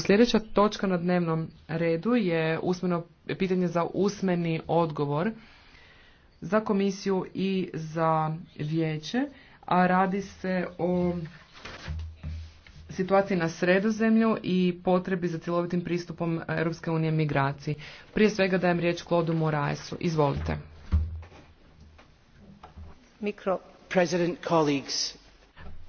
Sljedeća točka na dnevnom redu je usmeno pitanje za usmeni odgovor za komisiju i za vijeće, a radi se o situaciji na sredozemlju i potrebi za cjelovitim pristupom Europske unije migraciji. Prije svega dajem riječ Klodu Moraesu. Izvolite. Mikro, president, colleagues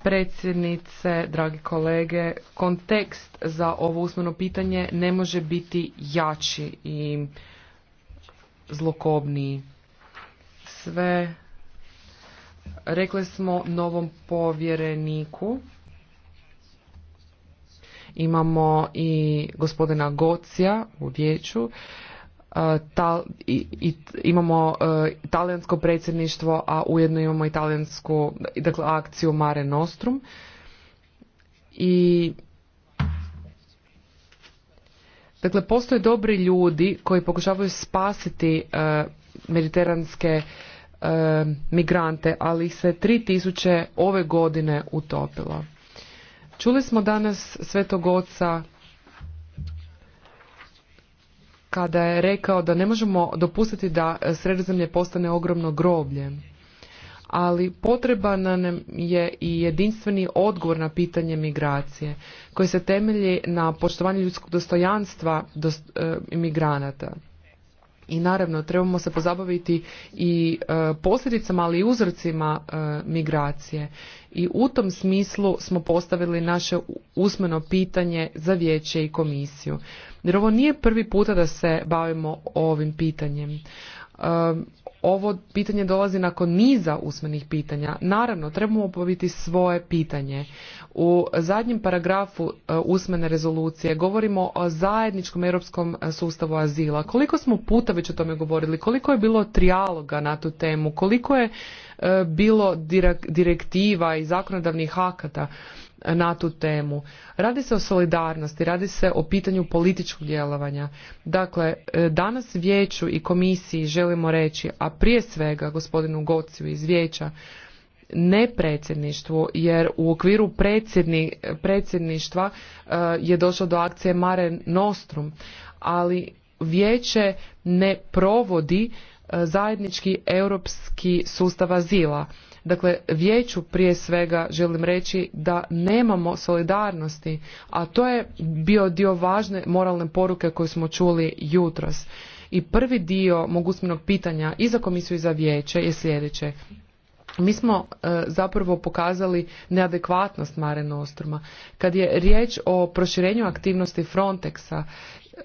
predsjednice, dragi kolege, kontekst za ovo usmeno pitanje ne može biti jači i zlokobniji. Sve rekli smo novom povjereniku. Imamo i gospodina Gocija u vijeću E, ta, i, imamo uh, talijansko predsjedništvo, a ujedno imamo i dakle, akciju Mare Nostrum. I Dakle, postoje dobri ljudi koji pokušavaju spasiti e, mediteranske migrante, ali ih se 3000 ove godine utopilo. Čuli smo danas Svetog Oca kada je rekao da ne možemo dopustiti da sredozemlje postane ogromno groblje ali potreban nam je i jedinstveni odgovor na pitanje migracije koji se temelji na poštovanju ljudskog dostojanstva dost, e, migranata i naravno trebamo se pozabaviti i e, posljedicama ali i uzrocima e, migracije i u tom smislu smo postavili naše usmeno pitanje za vijeće i komisiju jer ovo nije prvi puta da se bavimo ovim pitanjem. Ehm, ovo pitanje dolazi nakon niza usmenih pitanja. Naravno, trebamo obaviti svoje pitanje. U zadnjem paragrafu e, usmene rezolucije govorimo o zajedničkom europskom sustavu azila. Koliko smo puta već o tome govorili, koliko je bilo trijaloga na tu temu, koliko je e, bilo direktiva i zakonodavnih akata na tu temu. Radi se o solidarnosti, radi se o pitanju političkog djelovanja. Dakle, e, danas vijeću i komisiji želimo reći, a prije svega gospodinu Gociju iz vijeća, ne predsjedništvu, jer u okviru predsjedni, predsjedništva e, je došlo do akcije Mare Nostrum, ali vijeće ne provodi e, zajednički europski sustav azila Dakle, vijeću prije svega želim reći da nemamo solidarnosti, a to je bio dio važne moralne poruke koju smo čuli jutros. I prvi dio mog usmenog pitanja i za komisiju i za vijeće je sljedeće. Mi smo e, zapravo pokazali neadekvatnost Mare Nostruma. Kad je riječ o proširenju aktivnosti Frontexa,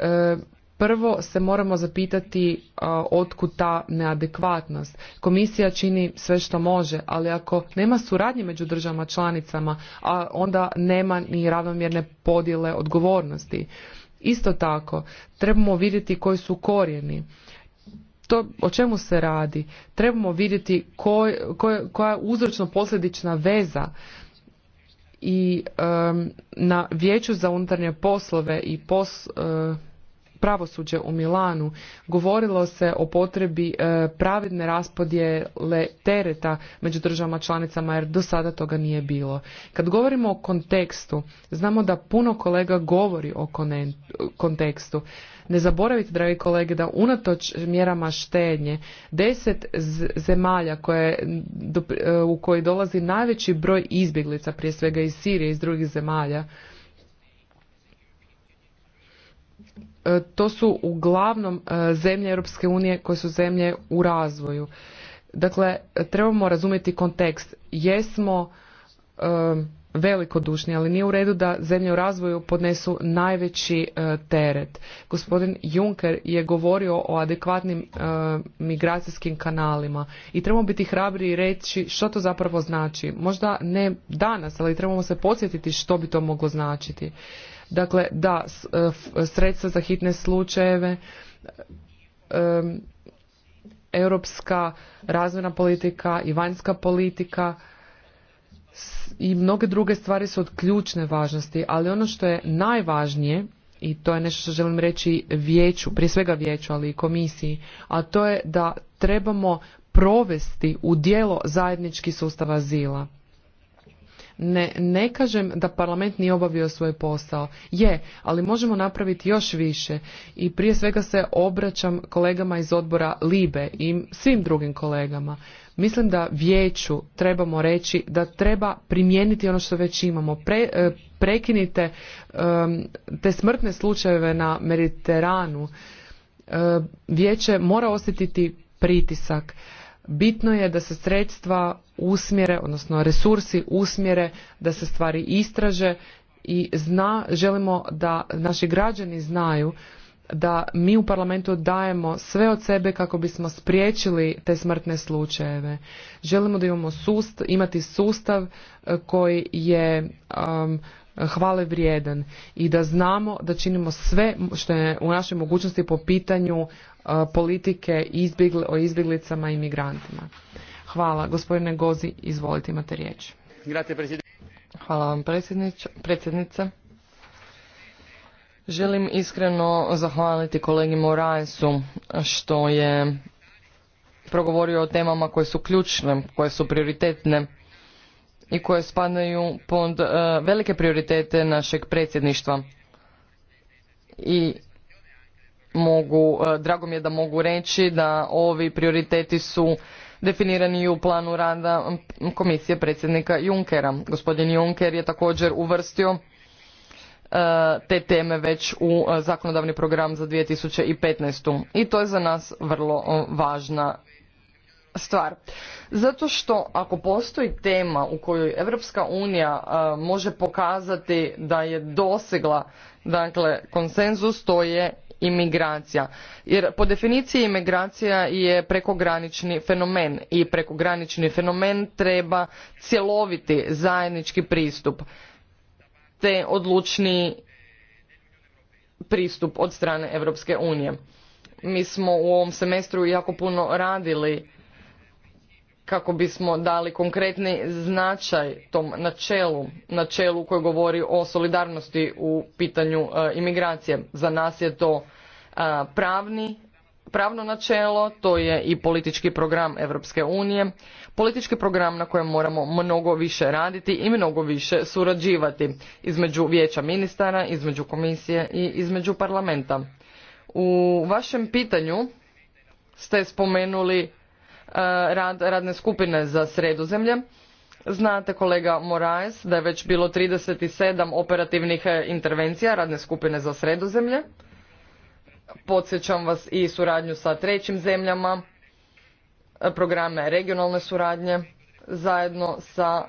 e, Prvo se moramo zapitati otkud ta neadekvatnost. Komisija čini sve što može, ali ako nema suradnje među državama članicama, a onda nema ni ravnomjerne podjele odgovornosti. Isto tako, trebamo vidjeti koji su korijeni. To, o čemu se radi? Trebamo vidjeti koja je uzročno-posljedična veza i na vijeću za unutarnje poslove i pos, e, pravosuđe u Milanu govorilo se o potrebi e, pravedne raspodjele tereta među državama članicama jer do sada toga nije bilo. Kad govorimo o kontekstu, znamo da puno kolega govori o kontekstu. Ne zaboravite, dragi kolege, da unatoč mjerama štednje, deset zemalja koje, e, u koji dolazi najveći broj izbjeglica, prije svega iz Sirije i iz drugih zemalja, E, to su uglavnom e, zemlje Europske unije koje su zemlje u razvoju. Dakle, trebamo razumjeti kontekst. Jesmo e, velikodušni, ali nije u redu da zemlje u razvoju podnesu najveći teret. Gospodin Juncker je govorio o adekvatnim migracijskim kanalima i trebamo biti hrabri i reći što to zapravo znači. Možda ne danas, ali trebamo se podsjetiti što bi to moglo značiti. Dakle, da, e, sredstva za hitne slučajeve, e, europska razvojna politika i vanjska politika i mnoge druge stvari su od ključne važnosti, ali ono što je najvažnije i to je nešto što želim reći vijeću, prije svega vijeću, ali i komisiji, a to je da trebamo provesti u djelo zajednički sustav azila. Ne, ne kažem da parlament nije obavio svoj posao. Je, ali možemo napraviti još više. I prije svega se obraćam kolegama iz odbora Libe i svim drugim kolegama. Mislim da vijeću trebamo reći da treba primijeniti ono što već imamo. E, prekinite te smrtne slučajeve na Mediteranu. E, vijeće mora osjetiti pritisak bitno je da se sredstva usmjere odnosno resursi usmjere da se stvari istraže i zna želimo da naši građani znaju da mi u parlamentu dajemo sve od sebe kako bismo spriječili te smrtne slučajeve želimo da imamo sustav imati sustav e, koji je hvale vrijedan i da znamo da činimo sve što je u našoj mogućnosti po pitanju politike o izbjeglicama i migrantima. Hvala. Gospodine Gozi, izvolite, imate riječ. Hvala vam predsjednica. Želim iskreno zahvaliti kolegi Moraesu što je progovorio o temama koje su ključne, koje su prioritetne i koje spadaju pod e, velike prioritete našeg predsjedništva. I mogu, e, drago mi je da mogu reći da ovi prioriteti su definirani u planu rada komisije predsjednika Junckera. Gospodin Juncker je također uvrstio e, te teme već u e, zakonodavni program za 2015. I to je za nas vrlo važna stvar. Zato što ako postoji tema u kojoj Europska unija može pokazati da je dosegla dakle konsenzus to je imigracija jer po definiciji imigracija je prekogranični fenomen i prekogranični fenomen treba cjeloviti zajednički pristup te odlučni pristup od strane europske unije mi smo u ovom semestru jako puno radili kako bismo dali konkretni značaj tom načelu, načelu koje govori o solidarnosti u pitanju e, imigracije. Za nas je to e, pravni, pravno načelo, to je i politički program Europske unije, politički program na kojem moramo mnogo više raditi i mnogo više surađivati između vijeća ministara, između komisije i između parlamenta. U vašem pitanju ste spomenuli E, radne skupine za sredozemlje. Znate kolega Moraes da je već bilo 37 operativnih e, intervencija radne skupine za sredozemlje. Podsjećam vas i suradnju sa trećim zemljama, e, programe regionalne suradnje, zajedno sa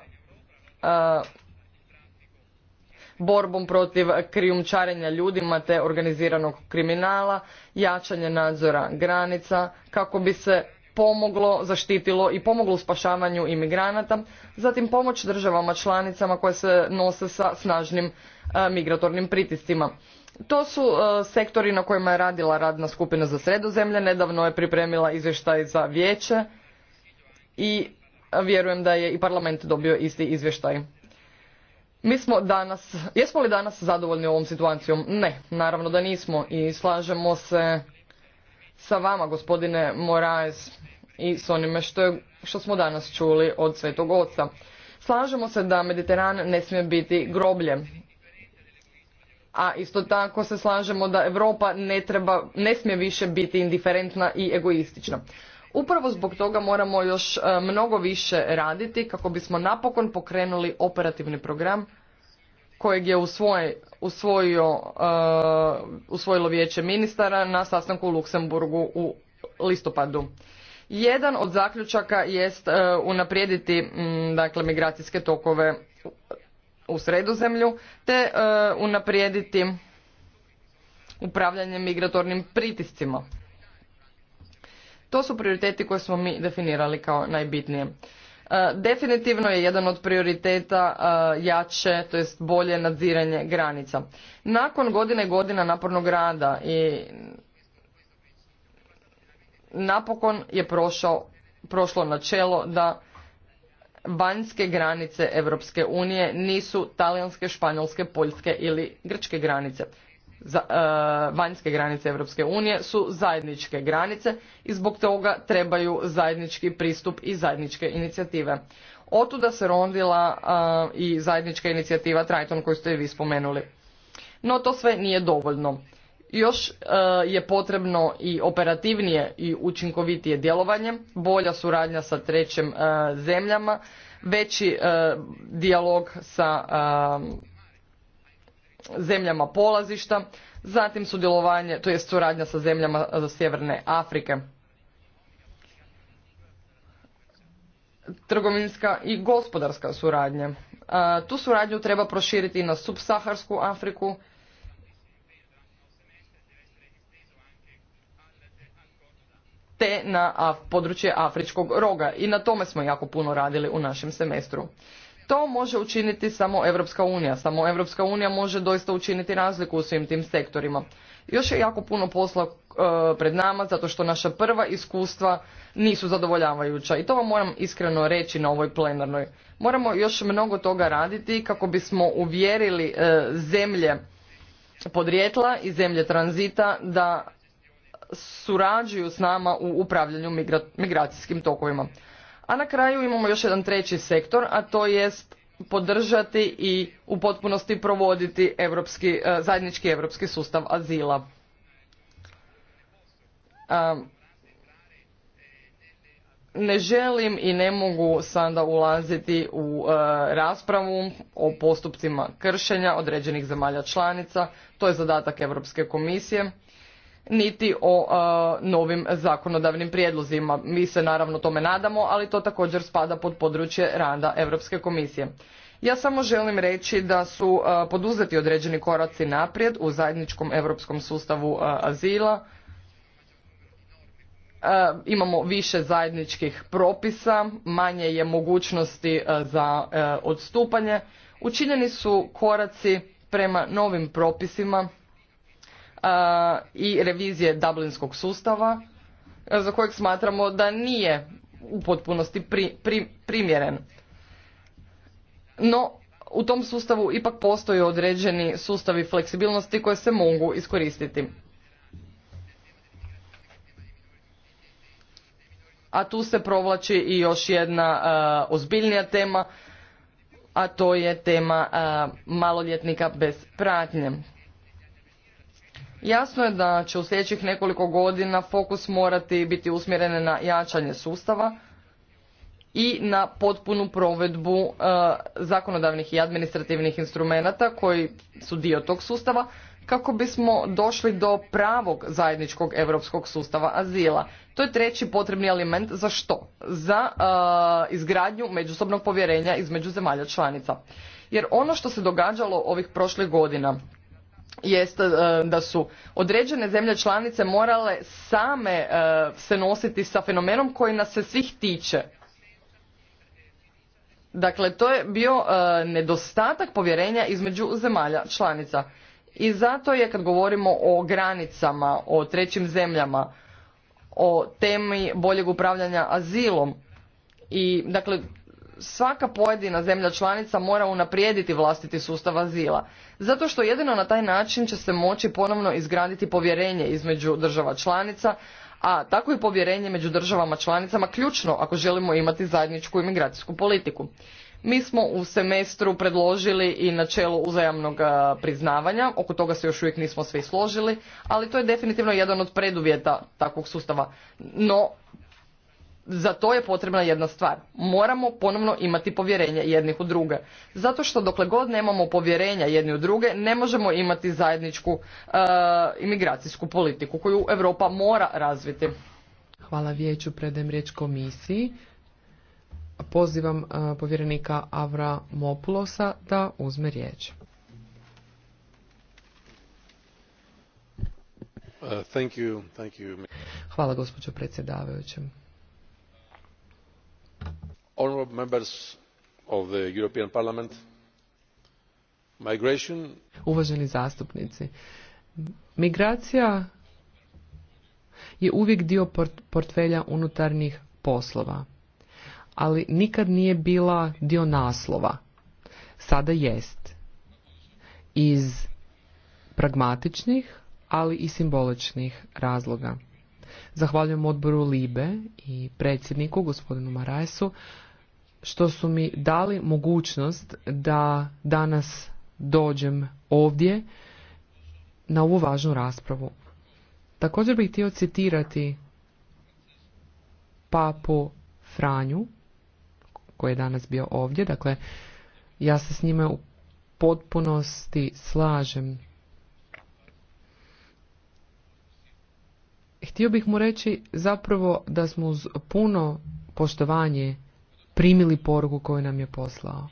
borbom protiv krijumčarenja ljudima te organiziranog kriminala, jačanje nadzora granica kako bi se pomoglo, zaštitilo i pomoglo u spašavanju imigranata, zatim pomoć državama članicama koje se nose sa snažnim e, migratornim pritiscima. To su e, sektori na kojima je radila radna skupina za sredozemlje, nedavno je pripremila izvještaj za vijeće i vjerujem da je i parlament dobio isti izvještaj. Mi smo danas, jesmo li danas zadovoljni ovom situacijom? Ne, naravno da nismo i slažemo se sa vama gospodine Moraes i s onime što, je, što smo danas čuli od Svetog Oca. Slažemo se da Mediteran ne smije biti groblje, a isto tako se slažemo da Europa ne, treba, ne smije više biti indiferentna i egoistična. Upravo zbog toga moramo još e, mnogo više raditi kako bismo napokon pokrenuli operativni program kojeg je usvoj, usvojio, e, usvojilo vijeće ministara na sastanku u Luksemburgu u listopadu. Jedan od zaključaka jest e, unaprijediti mm, dakle, migracijske tokove u sredozemlju te e, unaprijediti upravljanje migratornim pritiscima. To su prioriteti koje smo mi definirali kao najbitnije. E, definitivno je jedan od prioriteta jače, to jest bolje nadziranje granica. Nakon godine godina napornog rada i napokon je prošao, prošlo načelo da vanjske granice Europske unije nisu talijanske, španjolske, poljske ili grčke granice. Za, e, vanjske granice Europske unije su zajedničke granice i zbog toga trebaju zajednički pristup i zajedničke inicijative. Otuda se rondila e, i zajednička inicijativa Triton koju ste i vi spomenuli. No to sve nije dovoljno. Još e, je potrebno i operativnije i učinkovitije djelovanje, bolja suradnja sa trećim e, zemljama, veći e, dijalog sa zemljama polazišta, zatim sudjelovanje, to jest suradnja sa zemljama Sjeverne Afrike. Trgovinska i gospodarska suradnja. Tu suradnju treba proširiti na subsaharsku Afriku te na područje Afričkog roga i na tome smo jako puno radili u našem semestru. To može učiniti samo Europska unija. Samo Europska unija može doista učiniti razliku u svim tim sektorima. Još je jako puno posla e, pred nama zato što naša prva iskustva nisu zadovoljavajuća i to vam moram iskreno reći na ovoj plenarnoj. Moramo još mnogo toga raditi kako bismo uvjerili e, zemlje podrijetla i zemlje tranzita da surađuju s nama u upravljanju migracijskim tokovima. A na kraju imamo još jedan treći sektor, a to jest podržati i u potpunosti provoditi evropski, e, zajednički europski sustav azila. Ne želim i ne mogu sada ulaziti u e, raspravu o postupcima kršenja određenih zemalja članica, to je zadatak Europske komisije niti o novim zakonodavnim prijedlozima. Mi se naravno tome nadamo, ali to također spada pod područje rada Europske komisije. Ja samo želim reći da su poduzeti određeni koraci naprijed u zajedničkom europskom sustavu azila. Imamo više zajedničkih propisa, manje je mogućnosti za odstupanje. Učinjeni su koraci prema novim propisima i revizije Dublinskog sustava za kojeg smatramo da nije u potpunosti primjeren. No, u tom sustavu ipak postoje određeni sustavi fleksibilnosti koje se mogu iskoristiti. A tu se provlači i još jedna ozbiljnija tema, a to je tema maloljetnika bez pratnje. Jasno je da će u sljedećih nekoliko godina fokus morati biti usmjeren na jačanje sustava i na potpunu provedbu e, zakonodavnih i administrativnih instrumenata koji su dio tog sustava kako bismo došli do pravog zajedničkog europskog sustava azila. To je treći potrebni element za što? Za e, izgradnju međusobnog povjerenja između zemalja članica. Jer ono što se događalo ovih prošlih godina jest e, da su određene zemlje članice morale same e, se nositi sa fenomenom koji nas se svih tiče. Dakle, to je bio e, nedostatak povjerenja između zemalja članica. I zato je kad govorimo o granicama, o trećim zemljama, o temi boljeg upravljanja azilom i dakle svaka pojedina zemlja članica mora unaprijediti vlastiti sustav azila zato što jedino na taj način će se moći ponovno izgraditi povjerenje između država članica a tako i povjerenje među državama članicama ključno ako želimo imati zajedničku imigracijsku politiku mi smo u semestru predložili i načelo uzajamnog priznavanja oko toga se još uvijek nismo svi složili ali to je definitivno jedan od preduvjeta takvog sustava no za to je potrebna jedna stvar. Moramo ponovno imati povjerenje jednih u druge. Zato što dokle god nemamo povjerenja jedni u druge, ne možemo imati zajedničku e, imigracijsku politiku koju Europa mora razviti. Hvala vijeću predem riječ komisiji. Pozivam e, povjerenika Avra Mopulosa da uzme riječ. Uh, Hvala gospođo predsjedavajućem honourable members of the european parliament uvaženi zastupnici migracija je uvijek dio portfelja unutarnjih poslova ali nikad nije bila dio naslova sada jest iz pragmatičnih ali i simboličnih razloga Zahvaljujem odboru Libe i predsjedniku, gospodinu Marajsu, što su mi dali mogućnost da danas dođem ovdje na ovu važnu raspravu. Također bih htio citirati papu Franju, koji je danas bio ovdje, dakle, ja se s njime u potpunosti slažem. htio bih mu reći zapravo da smo uz puno poštovanje primili poruku koju nam je poslao.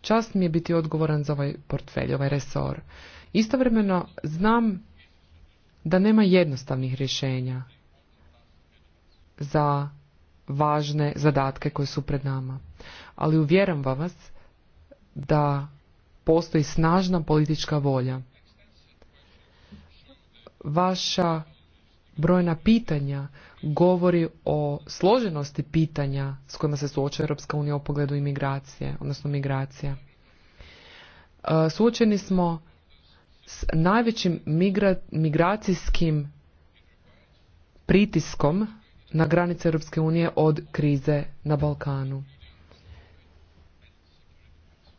Čast mi je biti odgovoran za ovaj portfelj, ovaj resor. Istovremeno znam da nema jednostavnih rješenja za važne zadatke koje su pred nama. Ali uvjeram vas da postoji snažna politička volja vaša brojna pitanja govori o složenosti pitanja s kojima se suočava Europska unija u pogledu imigracije, odnosno migracija. E, suočeni smo s najvećim migracijskim pritiskom na granice Europske unije od krize na Balkanu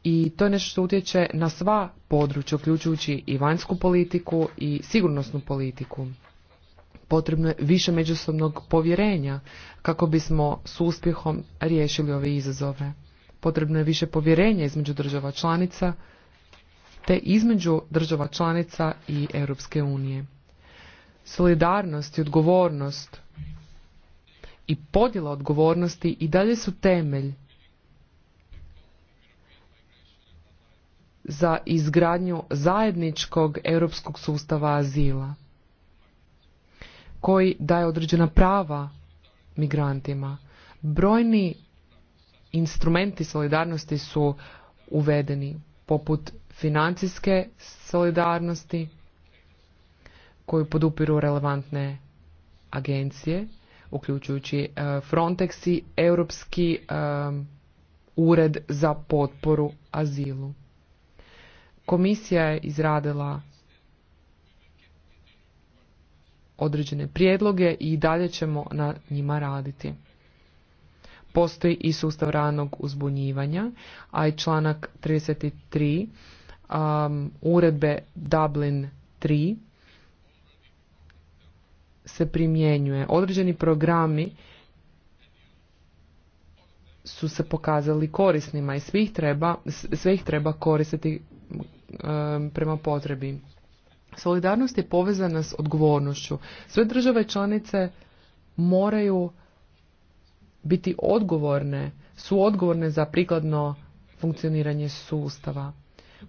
i to je nešto što utječe na sva područja, uključujući i vanjsku politiku i sigurnosnu politiku. Potrebno je više međusobnog povjerenja kako bismo s uspjehom riješili ove izazove. Potrebno je više povjerenja između država članica te između država članica i Europske unije. Solidarnost i odgovornost i podjela odgovornosti i dalje su temelj za izgradnju zajedničkog europskog sustava azila koji daje određena prava migrantima. Brojni instrumenti solidarnosti su uvedeni, poput financijske solidarnosti koju podupiru relevantne agencije, uključujući e, Frontex i Europski e, ured za potporu azilu. Komisija je izradila određene prijedloge i dalje ćemo na njima raditi. Postoji i sustav ranog uzbunjivanja, a i članak 33 um, uredbe Dublin 3 se primjenjuje. Određeni programi su se pokazali korisnima i svih treba, sve ih treba koristiti prema potrebi. Solidarnost je povezana s odgovornošću. Sve države članice moraju biti odgovorne, su odgovorne za prikladno funkcioniranje sustava.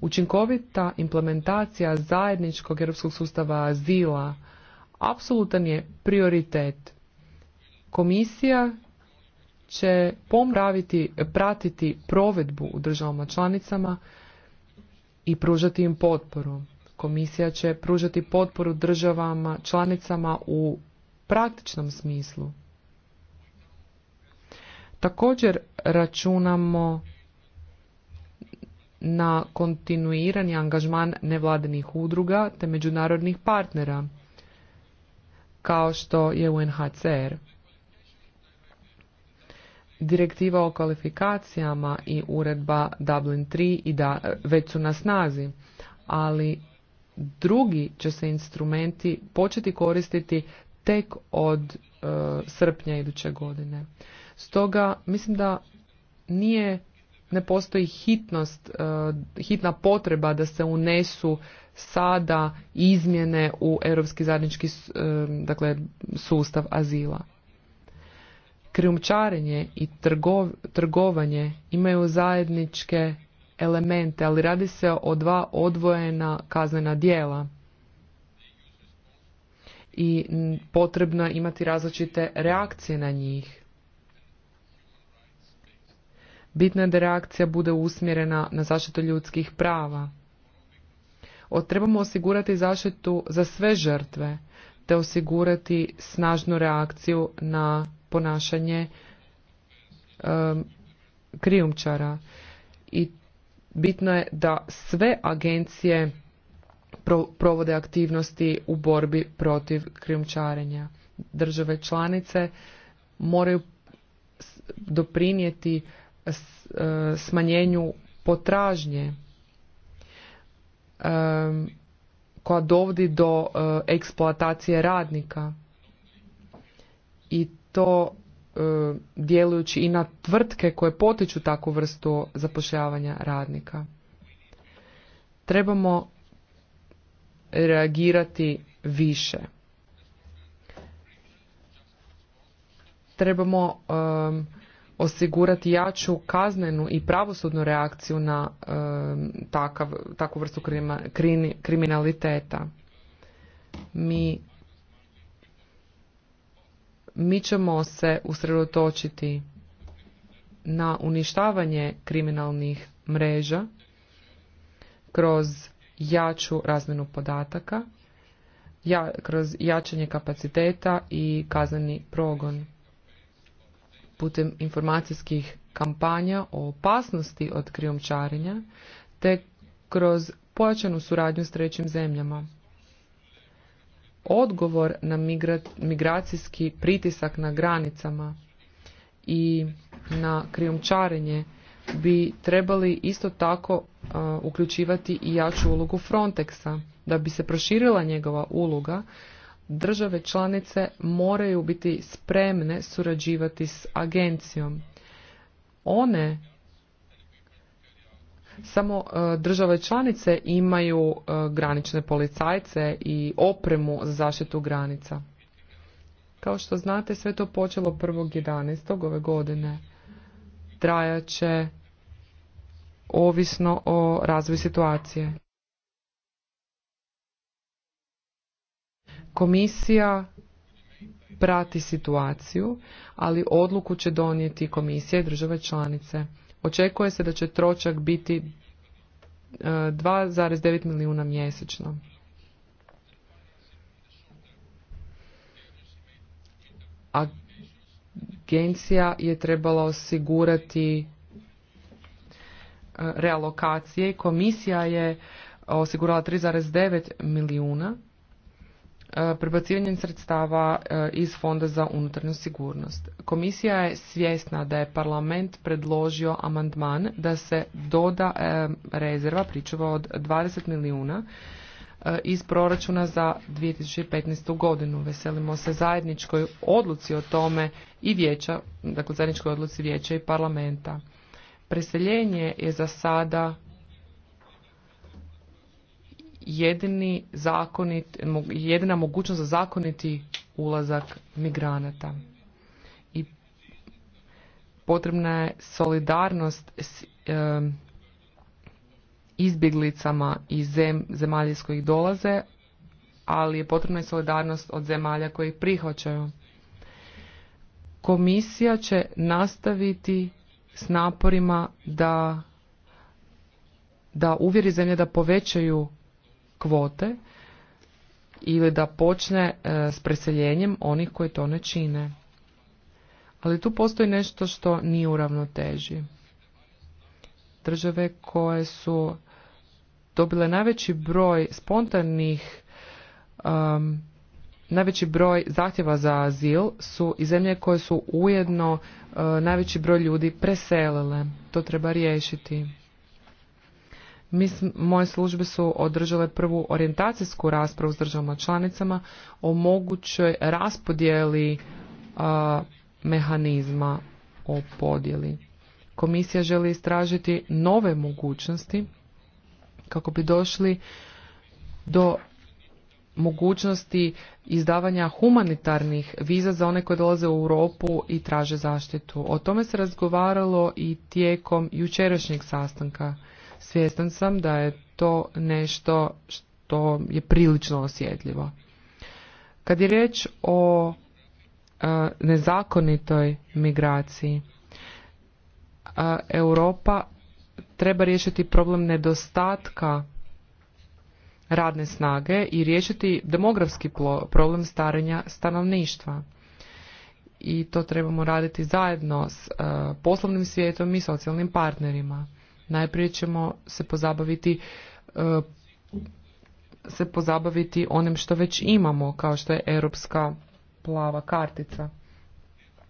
Učinkovita implementacija zajedničkog europskog sustava azila apsolutan je prioritet. Komisija će pomraviti, pratiti provedbu u državama članicama i pružati im potporu. Komisija će pružati potporu državama, članicama u praktičnom smislu. Također računamo na kontinuirani angažman nevladinih udruga te međunarodnih partnera, kao što je UNHCR. Direktiva o kvalifikacijama i uredba Dublin 3 i da, već su na snazi, ali drugi će se instrumenti početi koristiti tek od e, srpnja iduće godine. Stoga mislim da nije ne postoji hitnost, e, hitna potreba da se unesu sada izmjene u europski zajednički e, dakle sustav azila krijumčarenje i trgov, trgovanje imaju zajedničke elemente, ali radi se o dva odvojena kaznena dijela i potrebno je imati različite reakcije na njih. Bitno je da reakcija bude usmjerena na zaštitu ljudskih prava. O, trebamo osigurati zaštitu za sve žrtve, te osigurati snažnu reakciju na ponašanje krijumčara i bitno je da sve agencije provode aktivnosti u borbi protiv krijumčarenja. Države članice moraju doprinijeti e, smanjenju potražnje koja dovodi do e, eksploatacije radnika i to e, djelujući i na tvrtke koje potiču takvu vrstu zapošljavanja radnika. Trebamo reagirati više. Trebamo e, osigurati jaču kaznenu i pravosudnu reakciju na e, takav, takvu vrstu kriminaliteta. Mi mi ćemo se usredotočiti na uništavanje kriminalnih mreža kroz jaču razmenu podataka, ja, kroz jačanje kapaciteta i kazneni progon putem informacijskih kampanja o opasnosti od krijumčarenja te kroz pojačanu suradnju s trećim zemljama odgovor na migracijski pritisak na granicama i na krijumčarenje bi trebali isto tako uh, uključivati i jaču ulogu Frontexa. Da bi se proširila njegova uloga, države članice moraju biti spremne surađivati s agencijom. One samo e, države članice imaju e, granične policajce i opremu za zaštitu granica. Kao što znate, sve to počelo 1.11. ove godine. Trajaće ovisno o razvoju situacije. Komisija prati situaciju, ali odluku će donijeti komisija i države članice. Očekuje se da će tročak biti 2,9 e, milijuna mjesečno. Agencija je trebala osigurati e, realokacije komisija je osigurala 3,9 milijuna E, prebacivanjem sredstava e, iz Fonda za unutarnju sigurnost. Komisija je svjesna da je parlament predložio amandman da se doda e, rezerva pričuva od 20 milijuna iz proračuna za 2015. godinu. Veselimo se zajedničkoj odluci o tome i vijeća, dakle zajedničkoj odluci vijeća i parlamenta. Preseljenje je za sada jedini zakonit, jedina mogućnost za zakoniti ulazak migranata. I potrebna je solidarnost izbjeglicama iz zem, zemalja iz kojih dolaze, ali je potrebna i solidarnost od zemalja koji ih prihvaćaju. Komisija će nastaviti s naporima da da uvjeri zemlje da povećaju kvote ili da počne e, s preseljenjem onih koji to ne čine. Ali tu postoji nešto što nije u ravnoteži. Države koje su dobile najveći broj spontanih um, najveći broj zahtjeva za azil su i zemlje koje su ujedno e, najveći broj ljudi preselile. To treba riješiti. Mi, moje službe su održale prvu orijentacijsku raspravu s državama članicama o mogućoj raspodjeli mehanizma o podjeli. Komisija želi istražiti nove mogućnosti kako bi došli do mogućnosti izdavanja humanitarnih viza za one koji dolaze u Europu i traže zaštitu. O tome se razgovaralo i tijekom jučerašnjeg sastanka Svjestan sam da je to nešto što je prilično osjetljivo. Kad je riječ o e, nezakonitoj migraciji, e, Europa treba riješiti problem nedostatka radne snage i riješiti demografski problem starenja stanovništva. I to trebamo raditi zajedno s e, poslovnim svijetom i socijalnim partnerima. Najprije ćemo se pozabaviti e, se pozabaviti onim što već imamo, kao što je europska plava kartica,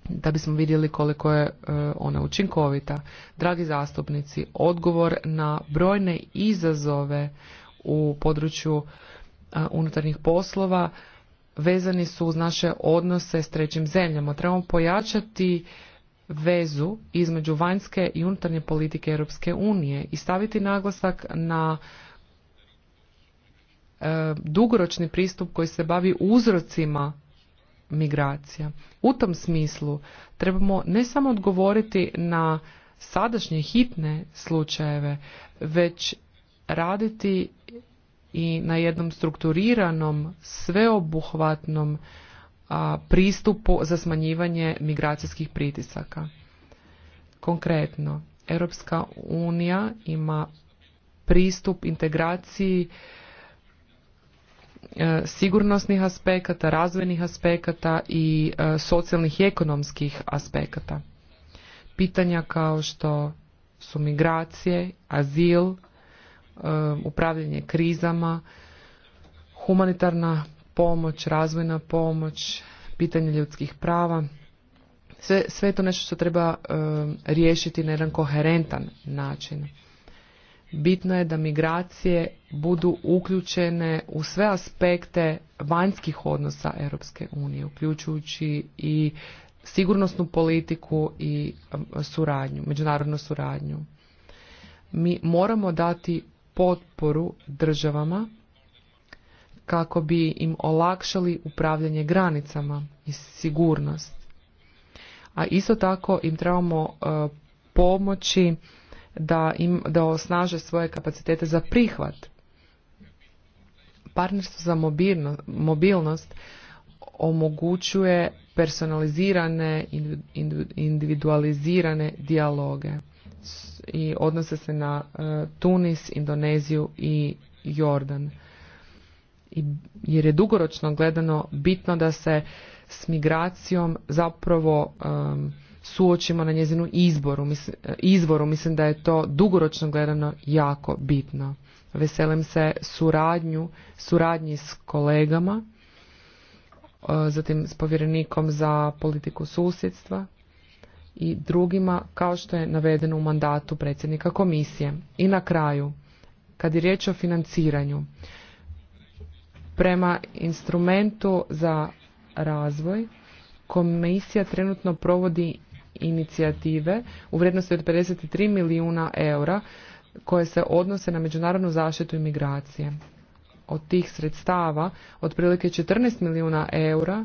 da bismo vidjeli koliko je e, ona učinkovita. Dragi zastupnici, odgovor na brojne izazove u području e, unutarnjih poslova vezani su uz naše odnose s trećim zemljama. Trebamo pojačati vezu između vanjske i unutarnje politike Europske unije i staviti naglasak na e, dugoročni pristup koji se bavi uzrocima migracija. U tom smislu trebamo ne samo odgovoriti na sadašnje hitne slučajeve, već raditi i na jednom strukturiranom, sveobuhvatnom pristupu za smanjivanje migracijskih pritisaka. Konkretno, Europska unija ima pristup integraciji e, sigurnosnih aspekata, razvojnih aspekata i e, socijalnih i ekonomskih aspekata. Pitanja kao što su migracije, azil, e, upravljanje krizama, humanitarna pomoć, razvojna pomoć, pitanje ljudskih prava. Sve, sve je to nešto što treba e, riješiti na jedan koherentan način. Bitno je da migracije budu uključene u sve aspekte vanjskih odnosa Europske unije, uključujući i sigurnosnu politiku i suradnju, međunarodnu suradnju. Mi moramo dati potporu državama kako bi im olakšali upravljanje granicama i sigurnost. A isto tako im trebamo e, pomoći da, im, da osnaže svoje kapacitete za prihvat. Partnerstvo za mobilnost omogućuje personalizirane, individualizirane dijaloge i odnose se na e, Tunis, Indoneziju i Jordan jer je dugoročno gledano bitno da se s migracijom zapravo suočimo na njezinu izboru, mislim, eh, izvoru. Mislim da je to dugoročno gledano jako bitno. Veselim se suradnju, suradnji s kolegama, eh, zatim s povjerenikom za politiku susjedstva i drugima kao što je navedeno u mandatu predsjednika komisije. I na kraju, kad je riječ o financiranju, Prema instrumentu za razvoj komisija trenutno provodi inicijative u vrijednosti od 53 milijuna eura koje se odnose na međunarodnu zaštitu imigracije Od tih sredstava otprilike 14 milijuna eura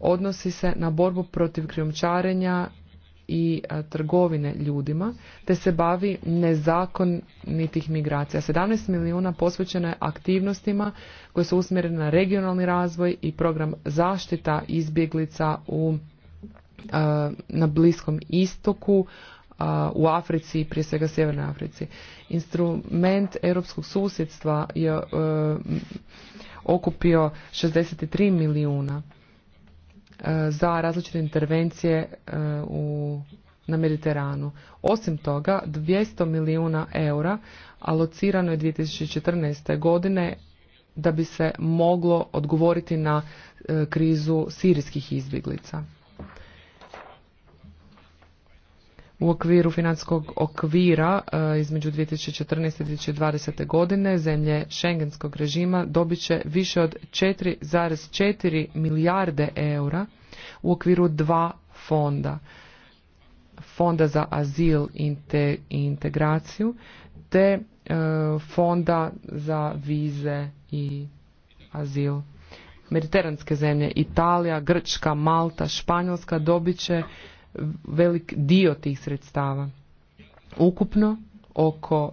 odnosi se na borbu protiv krijumčarenja i trgovine ljudima, te se bavi nezakonitih migracija. 17 milijuna posvećeno je aktivnostima koje su usmjerene na regionalni razvoj i program zaštita izbjeglica u, na Bliskom istoku, u Africi, prije svega Sjevernoj Africi. Instrument europskog susjedstva je okupio 63 milijuna E, za različite intervencije e, u, na Mediteranu. Osim toga, 200 milijuna eura alocirano je 2014. godine da bi se moglo odgovoriti na e, krizu sirijskih izbjeglica. u okviru financijskog okvira e, između 2014. i 2020. godine zemlje šengenskog režima dobit će više od 4,4 milijarde eura u okviru dva fonda. Fonda za azil i integraciju te e, fonda za vize i azil. Mediteranske zemlje Italija, Grčka, Malta, Španjolska dobit će velik dio tih sredstava. Ukupno oko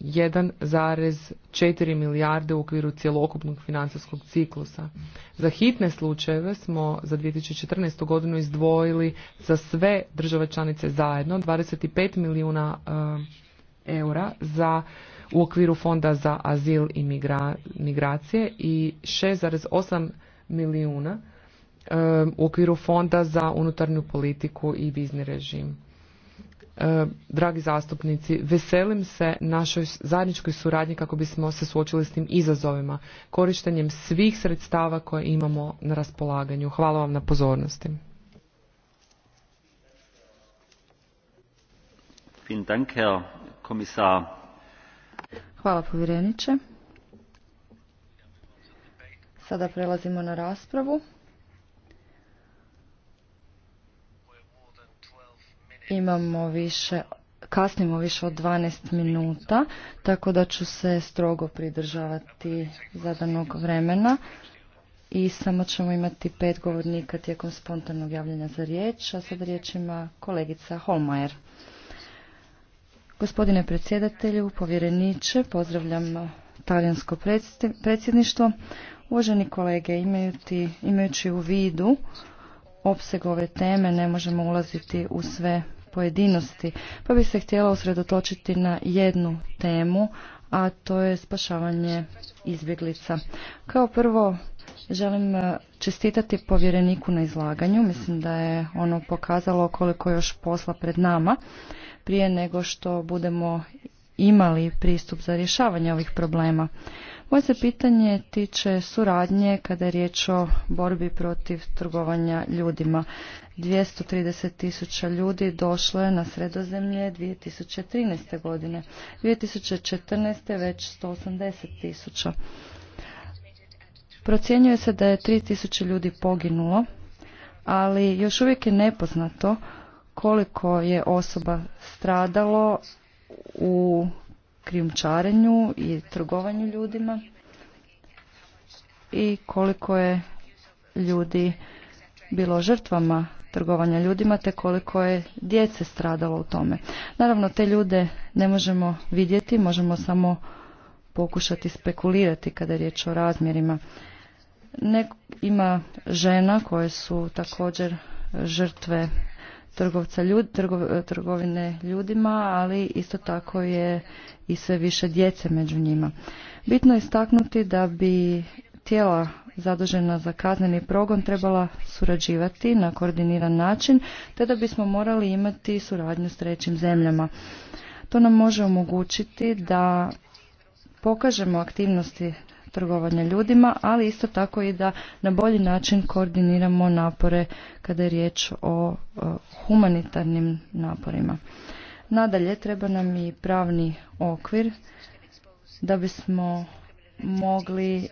1,4 milijarde u okviru cjelokupnog financijskog ciklusa. Za hitne slučajeve smo za 2014. godinu izdvojili za sve države članice zajedno 25 milijuna e, eura za u okviru fonda za azil i migracije i 6,8 milijuna u okviru Fonda za unutarnju politiku i bizni režim. Dragi zastupnici, veselim se našoj zajedničkoj suradnji kako bismo se suočili s tim izazovima, korištenjem svih sredstava koje imamo na raspolaganju. Hvala vam na pozornosti. Hvala povjereniče. Sada prelazimo na raspravu. imamo više, kasnimo više od 12 minuta, tako da ću se strogo pridržavati zadanog vremena i samo ćemo imati pet govornika tijekom spontanog javljanja za riječ, a sada riječ ima kolegica Holmajer. Gospodine predsjedatelju, povjereniče, pozdravljam talijansko predsjedništvo. Uvaženi kolege, imajući, imajući u vidu opseg ove teme, ne možemo ulaziti u sve pojedinosti, pa bi se htjela usredotočiti na jednu temu, a to je spašavanje izbjeglica. Kao prvo, želim e, čestitati povjereniku na izlaganju. Mislim da je ono pokazalo koliko još posla pred nama prije nego što budemo imali pristup za rješavanje ovih problema. Moje se pitanje tiče suradnje kada je riječ o borbi protiv trgovanja ljudima. 230 tisuća ljudi došlo je na sredozemlje 2013. godine. 2014. već 180 tisuća. Procjenjuje se da je tisuće ljudi poginulo, ali još uvijek je nepoznato koliko je osoba stradalo u krijumčarenju i trgovanju ljudima i koliko je ljudi bilo žrtvama trgovanja ljudima te koliko je djece stradalo u tome. Naravno te ljude ne možemo vidjeti, možemo samo pokušati spekulirati kada je riječ o razmjerima. Ne, ima žena koje su također žrtve trgovca ljud, e, trgovine ljudima, ali isto tako je i sve više djece među njima. Bitno je istaknuti da bi tijela zadužena za kazneni progon trebala surađivati na koordiniran način, te da bismo morali imati suradnju s trećim zemljama. To nam može omogućiti da pokažemo aktivnosti trgovanja ljudima, ali isto tako i da na bolji način koordiniramo napore kada je riječ o e, humanitarnim naporima. Nadalje, treba nam i pravni okvir da bismo mogli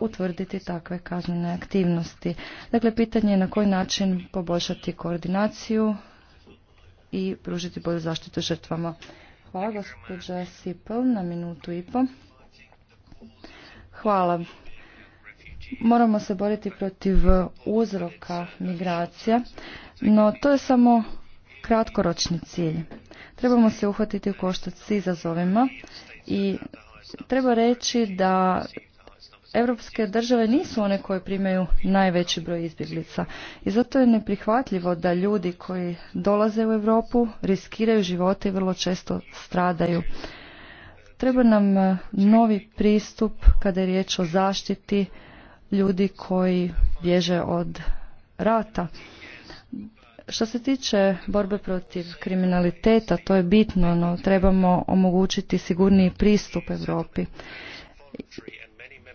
utvrditi takve kaznene aktivnosti. Dakle, pitanje je na koji način poboljšati koordinaciju i pružiti bolju zaštitu žrtvama. Hvala gospođa Sipel na minutu i po. Hvala. Moramo se boriti protiv uzroka migracija, no to je samo kratkoročni cilj. Trebamo se uhvatiti u koštac s izazovima i treba reći da Europske države nisu one koje primaju najveći broj izbjeglica i zato je neprihvatljivo da ljudi koji dolaze u Europu riskiraju živote i vrlo često stradaju Treba nam e, novi pristup kada je riječ o zaštiti ljudi koji bježe od rata. Što se tiče borbe protiv kriminaliteta, to je bitno, no trebamo omogućiti sigurniji pristup Europi.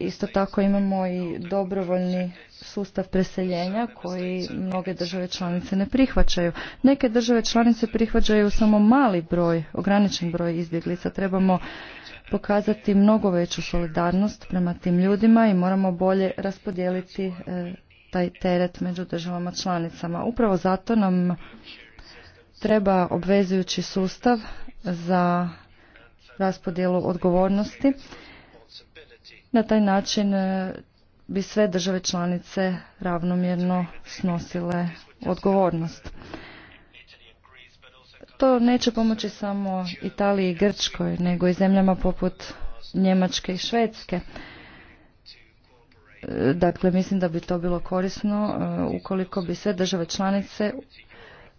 Isto tako imamo i dobrovoljni sustav preseljenja koji mnoge države članice ne prihvaćaju. Neke države članice prihvaćaju samo mali broj, ograničen broj izbjeglica. Trebamo pokazati mnogo veću solidarnost prema tim ljudima i moramo bolje raspodijeliti e, taj teret među državama članicama. Upravo zato nam treba obvezujući sustav za raspodjelu odgovornosti na taj način e, bi sve države članice ravnomjerno snosile odgovornost. To neće pomoći samo Italiji i Grčkoj, nego i zemljama poput Njemačke i Švedske. E, dakle, mislim da bi to bilo korisno e, ukoliko bi sve države članice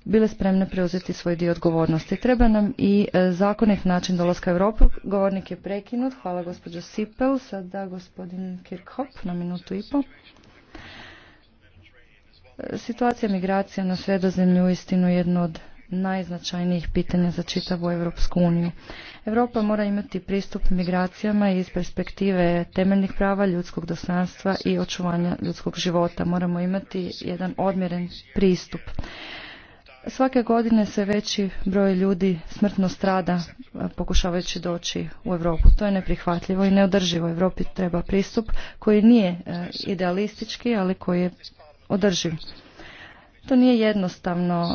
bile spremne preuzeti svoj dio odgovornosti. Treba nam i e, zakonit način dolaska u Europu. Govornik je prekinut. Hvala gospođo Sipel. Sada gospodin Kirkhop na minutu i pol. E, situacija migracija na sredozemlju je istinu jedno od najznačajnijih pitanja za čitavu Europsku uniju. Europa mora imati pristup migracijama iz perspektive temeljnih prava, ljudskog dostojanstva i očuvanja ljudskog života. Moramo imati jedan odmjeren pristup. Svake godine sve veći broj ljudi smrtno strada pokušavajući doći u Europu. To je neprihvatljivo i neodrživo. Europi treba pristup koji nije e, idealistički, ali koji je održiv. To nije jednostavno.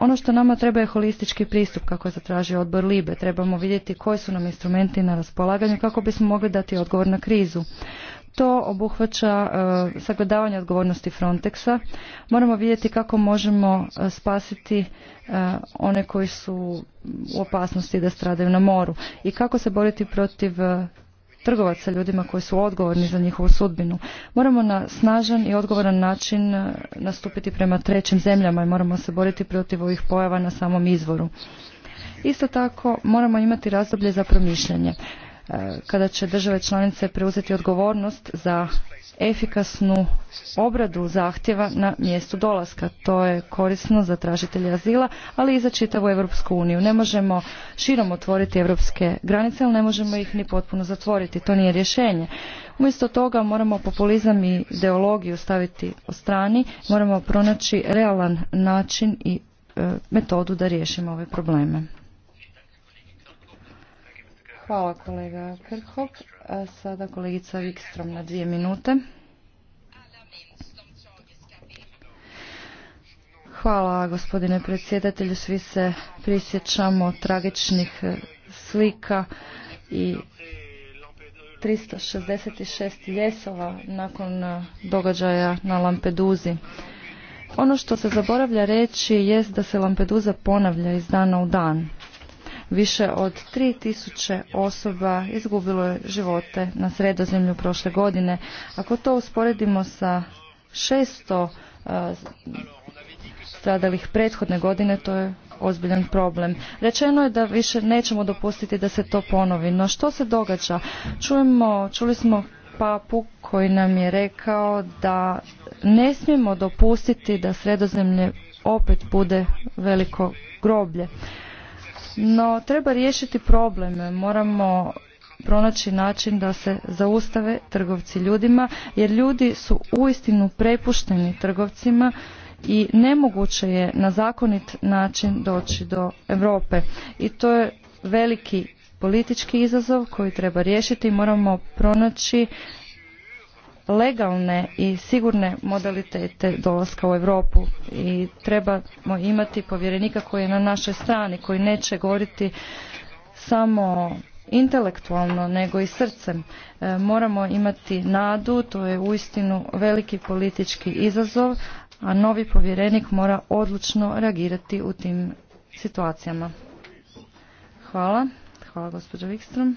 Ono što nama treba je holistički pristup kako je zatražio odbor Libe. Trebamo vidjeti koji su nam instrumenti na raspolaganju kako bismo mogli dati odgovor na krizu to obuhvaća e, sagledavanje odgovornosti Frontexa. Moramo vidjeti kako možemo e, spasiti e, one koji su u opasnosti da stradaju na moru i kako se boriti protiv trgovaca ljudima koji su odgovorni za njihovu sudbinu. Moramo na snažan i odgovoran način nastupiti prema trećim zemljama i moramo se boriti protiv ovih pojava na samom izvoru. Isto tako moramo imati razdoblje za promišljanje. E, kada će države članice preuzeti odgovornost za efikasnu obradu zahtjeva na mjestu dolaska. To je korisno za tražitelje azila, ali i za čitavu Europsku uniju. Ne možemo širom otvoriti europske granice, ali ne možemo ih ni potpuno zatvoriti. To nije rješenje. Umjesto toga moramo populizam i ideologiju staviti o strani, moramo pronaći realan način i e, metodu da riješimo ove probleme. Hvala kolega Krhov, sada kolegica Wikstrom na dvije minute. Hvala gospodine predsjedatelju. Svi se prisjećamo tragičnih e, slika i 366 ljesova nakon e, događaja na Lampeduzi. Ono što se zaboravlja reći jest da se Lampeduza ponavlja iz dana u dan. Više od 3000 osoba izgubilo je živote na sredozemlju prošle godine. Ako to usporedimo sa 600 e, stradalih prethodne godine, to je ozbiljan problem. Rečeno je da više nećemo dopustiti da se to ponovi, no što se događa? Čujemo, čuli smo papu koji nam je rekao da ne smijemo dopustiti da sredozemlje opet bude veliko groblje. No, treba riješiti probleme, Moramo pronaći način da se zaustave trgovci ljudima, jer ljudi su uistinu prepušteni trgovcima i nemoguće je na zakonit način doći do Europe. I to je veliki politički izazov koji treba riješiti. Moramo pronaći legalne i sigurne modalitete dolaska u Europu i trebamo imati povjerenika koji je na našoj strani, koji neće govoriti samo intelektualno nego i srcem. E, moramo imati nadu, to je uistinu veliki politički izazov, a novi povjerenik mora odlučno reagirati u tim situacijama. Hvala. Hvala gospođa Wikström.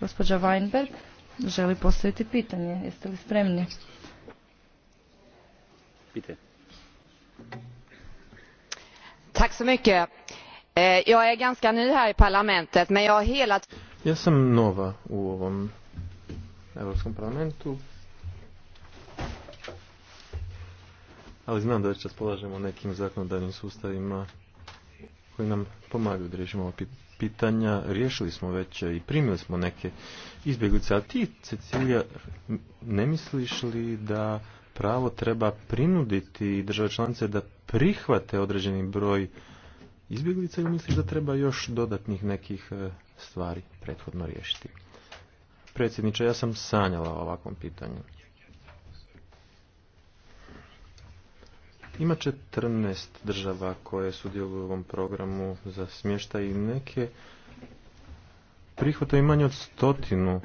Gospođa Weinberg želi postaviti pitanje. Jeste li spremni? Pite. Tak så mycket. Eh, jag är ganska ny här i parlamentet, men jag har hela... Ja sam nova u ovom Europskom parlamentu, ali znam da već raspolažemo nekim zakonodavnim sustavima koji nam pomagaju da rešimo ovo pitanje pitanja riješili smo već i primili smo neke izbjeglice. A ti, Cecilija, ne misliš li da pravo treba prinuditi države članice da prihvate određeni broj izbjeglica ili misliš da treba još dodatnih nekih e, stvari prethodno riješiti? Predsjedniče, ja sam sanjala o ovakvom pitanju. Ima 14 država koje sudjeluju u ovom programu za smještaj i neke i manje od stotinu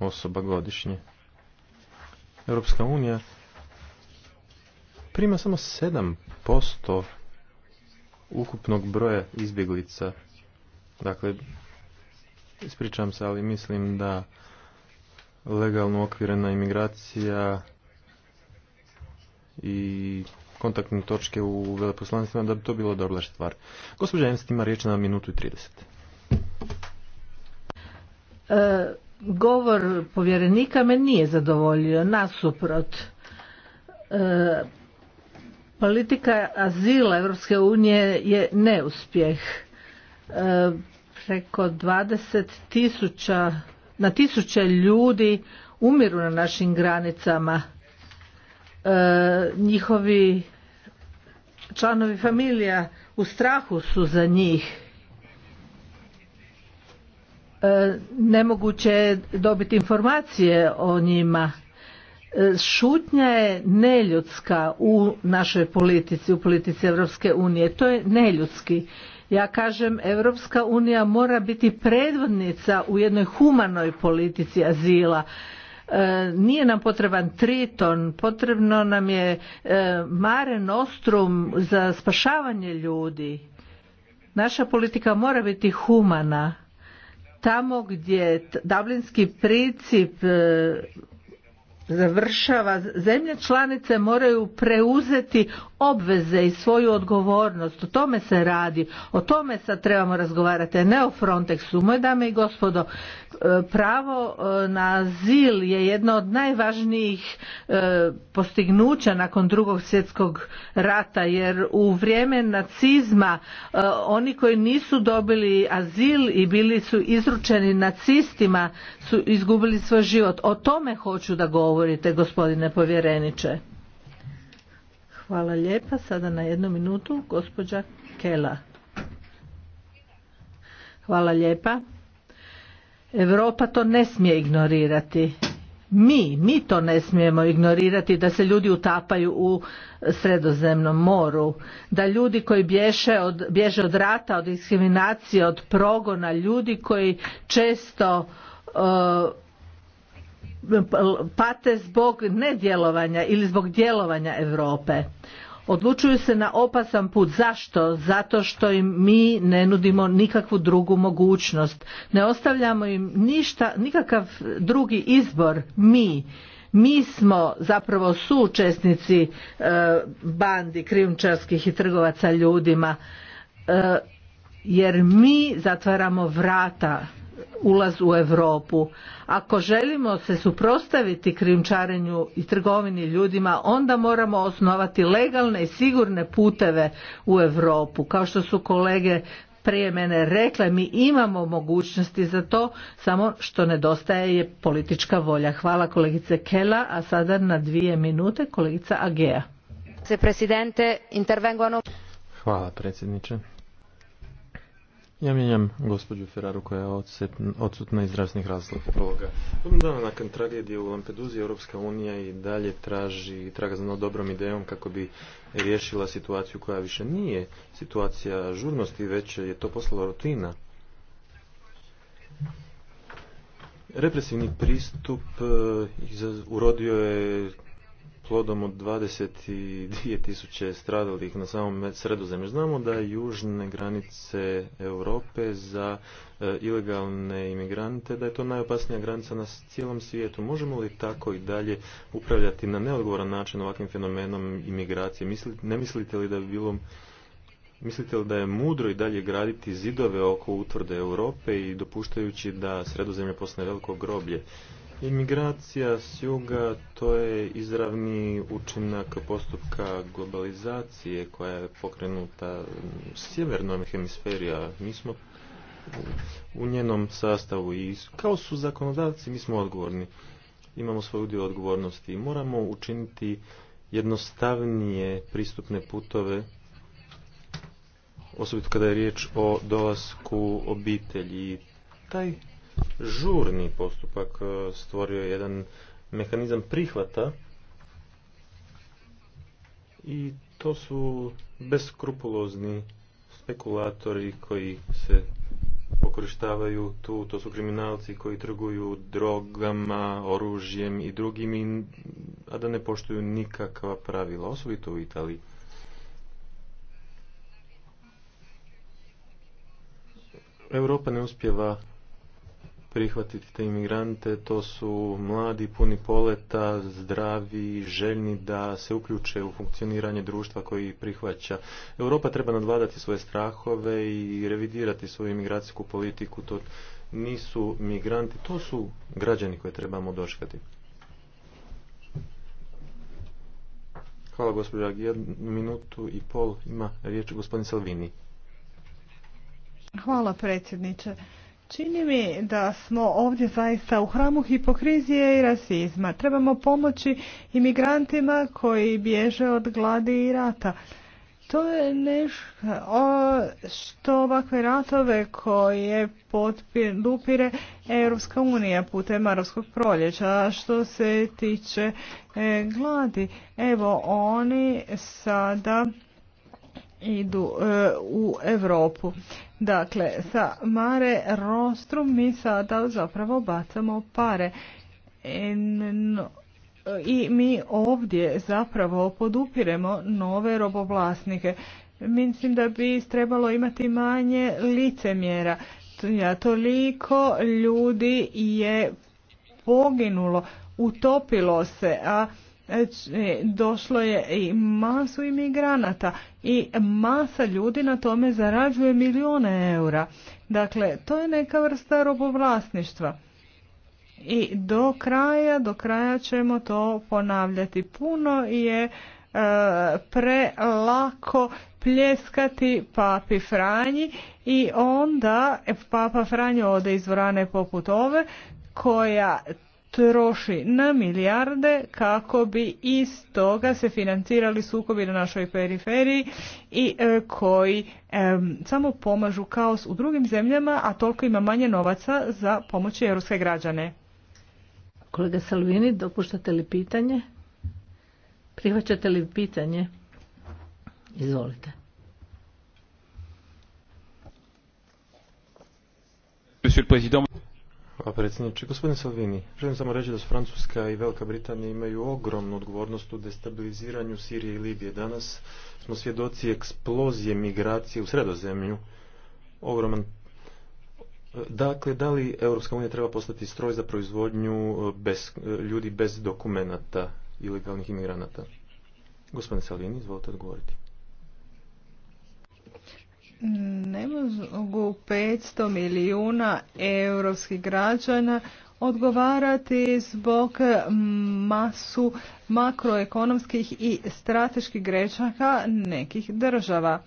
osoba godišnje. Europska unija prima samo 7% ukupnog broja izbjeglica. Dakle, ispričam se, ali mislim da legalno okvirena imigracija i kontaktne točke u veleposlanstvima da bi to bilo dobra stvar. Gospođa Enst ima riječ na minutu i 30. E, govor povjerenika me nije zadovoljio, nasuprot. E, politika azila Europske unije je neuspjeh. E, preko 20 tisuća, na tisuće ljudi umiru na našim granicama E, njihovi članovi familija u strahu su za njih e, nemoguće je dobiti informacije o njima e, šutnja je neljudska u našoj politici u politici Europske unije to je neljudski ja kažem Europska unija mora biti predvodnica u jednoj humanoj politici azila E, nije nam potreban Triton, potrebno nam je e, Mare Nostrum za spašavanje ljudi. Naša politika mora biti humana. Tamo gdje Dublinski princip e, završava zemlje članice moraju preuzeti obveze i svoju odgovornost o tome se radi o tome sad trebamo razgovarati ne o Frontexu moje dame i gospodo e, pravo e, na azil je jedno od najvažnijih e, postignuća nakon drugog svjetskog rata jer u vrijeme nacizma oni koji nisu dobili azil i bili su izručeni nacistima su izgubili svoj život o tome hoću da govorim govorite gospodine povjereniče. Hvala lijepa. Sada na jednu minutu gospođa Kela. Hvala lijepa. Europa to ne smije ignorirati. Mi, mi to ne smijemo ignorirati da se ljudi utapaju u sredozemnom moru, da ljudi koji bježe od, bježe od rata, od diskriminacije, od progona, ljudi koji često uh, pate zbog nedjelovanja ili zbog djelovanja Europe. Odlučuju se na opasan put. Zašto? Zato što im mi ne nudimo nikakvu drugu mogućnost. Ne ostavljamo im ništa, nikakav drugi izbor. Mi. Mi smo zapravo sučesnici e, bandi krijumčarskih i trgovaca ljudima. E, jer mi zatvaramo vrata ulaz u Europu. Ako želimo se suprotstaviti krijumčarenju i trgovini ljudima, onda moramo osnovati legalne i sigurne puteve u Europu. Kao što su kolege prije mene rekle, mi imamo mogućnosti za to, samo što nedostaje je politička volja. Hvala kolegice Kela, a sada na dvije minute kolegica Agea. Hvala predsjedniče. Ja mijenjam gospođu Ferraru koja je odsutna iz zdravstvenih razloga. ovom dana nakon tragedije u Lampeduzi Europska unija i dalje traži traga za dobrom idejom kako bi riješila situaciju koja više nije situacija žurnosti, već je to poslala rutina. Represivni pristup eh, urodio je plodom od 22.000 stradalih na samom sredozemlju. Znamo da južne granice Europe za e, ilegalne imigrante, da je to najopasnija granica na cijelom svijetu. Možemo li tako i dalje upravljati na neodgovoran način ovakvim fenomenom imigracije? Ne mislite li da bi bilo Mislite li da je mudro i dalje graditi zidove oko utvrde Europe i dopuštajući da sredozemlje postane veliko groblje? Imigracija s juga to je izravni učinak postupka globalizacije koja je pokrenuta sjevernom hemisferija. Mi smo u njenom sastavu i kao su zakonodavci mi smo odgovorni. Imamo svoj dio odgovornosti i moramo učiniti jednostavnije pristupne putove osobito kada je riječ o dolasku obitelji. Taj žurni postupak e, stvorio jedan mehanizam prihvata i to su beskrupulozni spekulatori koji se pokrištavaju tu, to su kriminalci koji trguju drogama, oružjem i drugim, a da ne poštuju nikakva pravila, osobito u Italiji. Europa ne uspjeva prihvatiti te imigrante, to su mladi, puni poleta, zdravi, željni da se uključe u funkcioniranje društva koji prihvaća. Europa treba nadvladati svoje strahove i revidirati svoju imigracijsku politiku, to nisu migranti, to su građani koje trebamo doškati. Hvala gospođa, jednu minutu i pol ima riječ gospodin Salvini. Hvala predsjedniče. Čini mi da smo ovdje zaista u hramu hipokrizije i rasizma. Trebamo pomoći imigrantima koji bježe od gladi i rata. To je nešto što ovakve ratove koje podupire Europska unija putem Marovskog proljeća. Što se tiče e, gladi, evo oni sada idu e, u Europu. Dakle, sa Mare Rostrum mi sada zapravo bacamo pare. I mi ovdje zapravo podupiremo nove robovlasnike. Mislim da bi trebalo imati manje licemjera. Toliko ljudi je poginulo, utopilo se, a E, došlo je i masu imigranata i masa ljudi na tome zarađuje milijone eura. Dakle, to je neka vrsta robovlasništva. I do kraja, do kraja ćemo to ponavljati. Puno je e, prelako pljeskati papi Franji i onda e, Papa Franjo ode iz vrane poput ove koja troši na milijarde kako bi iz toga se financirali sukobi na našoj periferiji i e, koji e, samo pomažu kaos u drugim zemljama, a toliko ima manje novaca za pomoći europske građane. Kolega Salvini, dopuštate li pitanje? Prihvaćate li pitanje? Izvolite. Monsieur le Président, Hvala predsjedniče. Gospodin Salvini, želim samo reći da su Francuska i Velika Britanija imaju ogromnu odgovornost u destabiliziranju Sirije i Libije. Danas smo svjedoci eksplozije migracije u sredozemlju. Ogroman Dakle, da li Europska unija treba postati stroj za proizvodnju e, bez, e, ljudi bez dokumenata, ilegalnih imigranata? Gospodine Salvini, izvolite odgovoriti ne mogu 500 milijuna europskih građana odgovarati zbog masu makroekonomskih i strateških grešaka nekih država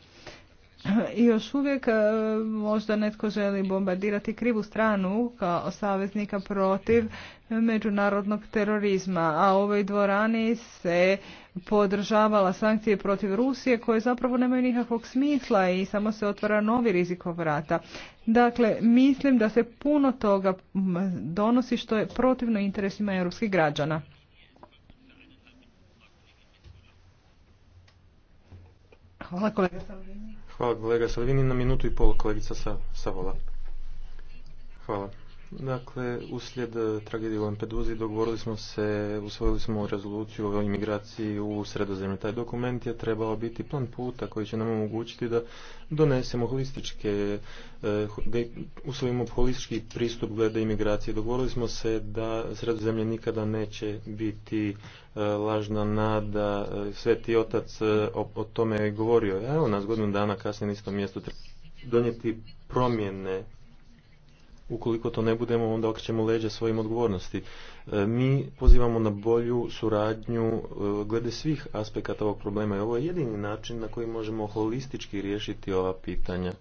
još uvijek e, možda netko želi bombardirati krivu stranu kao saveznika protiv međunarodnog terorizma, a u ovoj dvorani se podržavala sankcije protiv Rusije koje zapravo nemaju nikakvog smisla i samo se otvara novi rizikov vrata. Dakle, mislim da se puno toga donosi što je protivno interesima europskih građana. Hvala kolega Hvala kolega Salvini. Na minutu i pol kolegica Savola. Hvala. Dakle, uslijed e, tragedije u Lampeduzi dogovorili smo se, usvojili smo rezoluciju o imigraciji u sredozemlju. Taj dokument je trebao biti plan puta koji će nam omogućiti da donesemo holističke, e, da usvojimo holistički pristup glede imigracije. Dogovorili smo se da sredozemlje nikada neće biti e, lažna nada. Sveti otac o, tome je govorio. Evo nas godinu dana kasnije na istom mjestu donijeti promjene ukoliko to ne budemo, onda okrećemo leđa svojim odgovornosti. E, mi pozivamo na bolju suradnju e, glede svih aspekata ovog problema i ovo je jedini način na koji možemo holistički riješiti ova pitanja.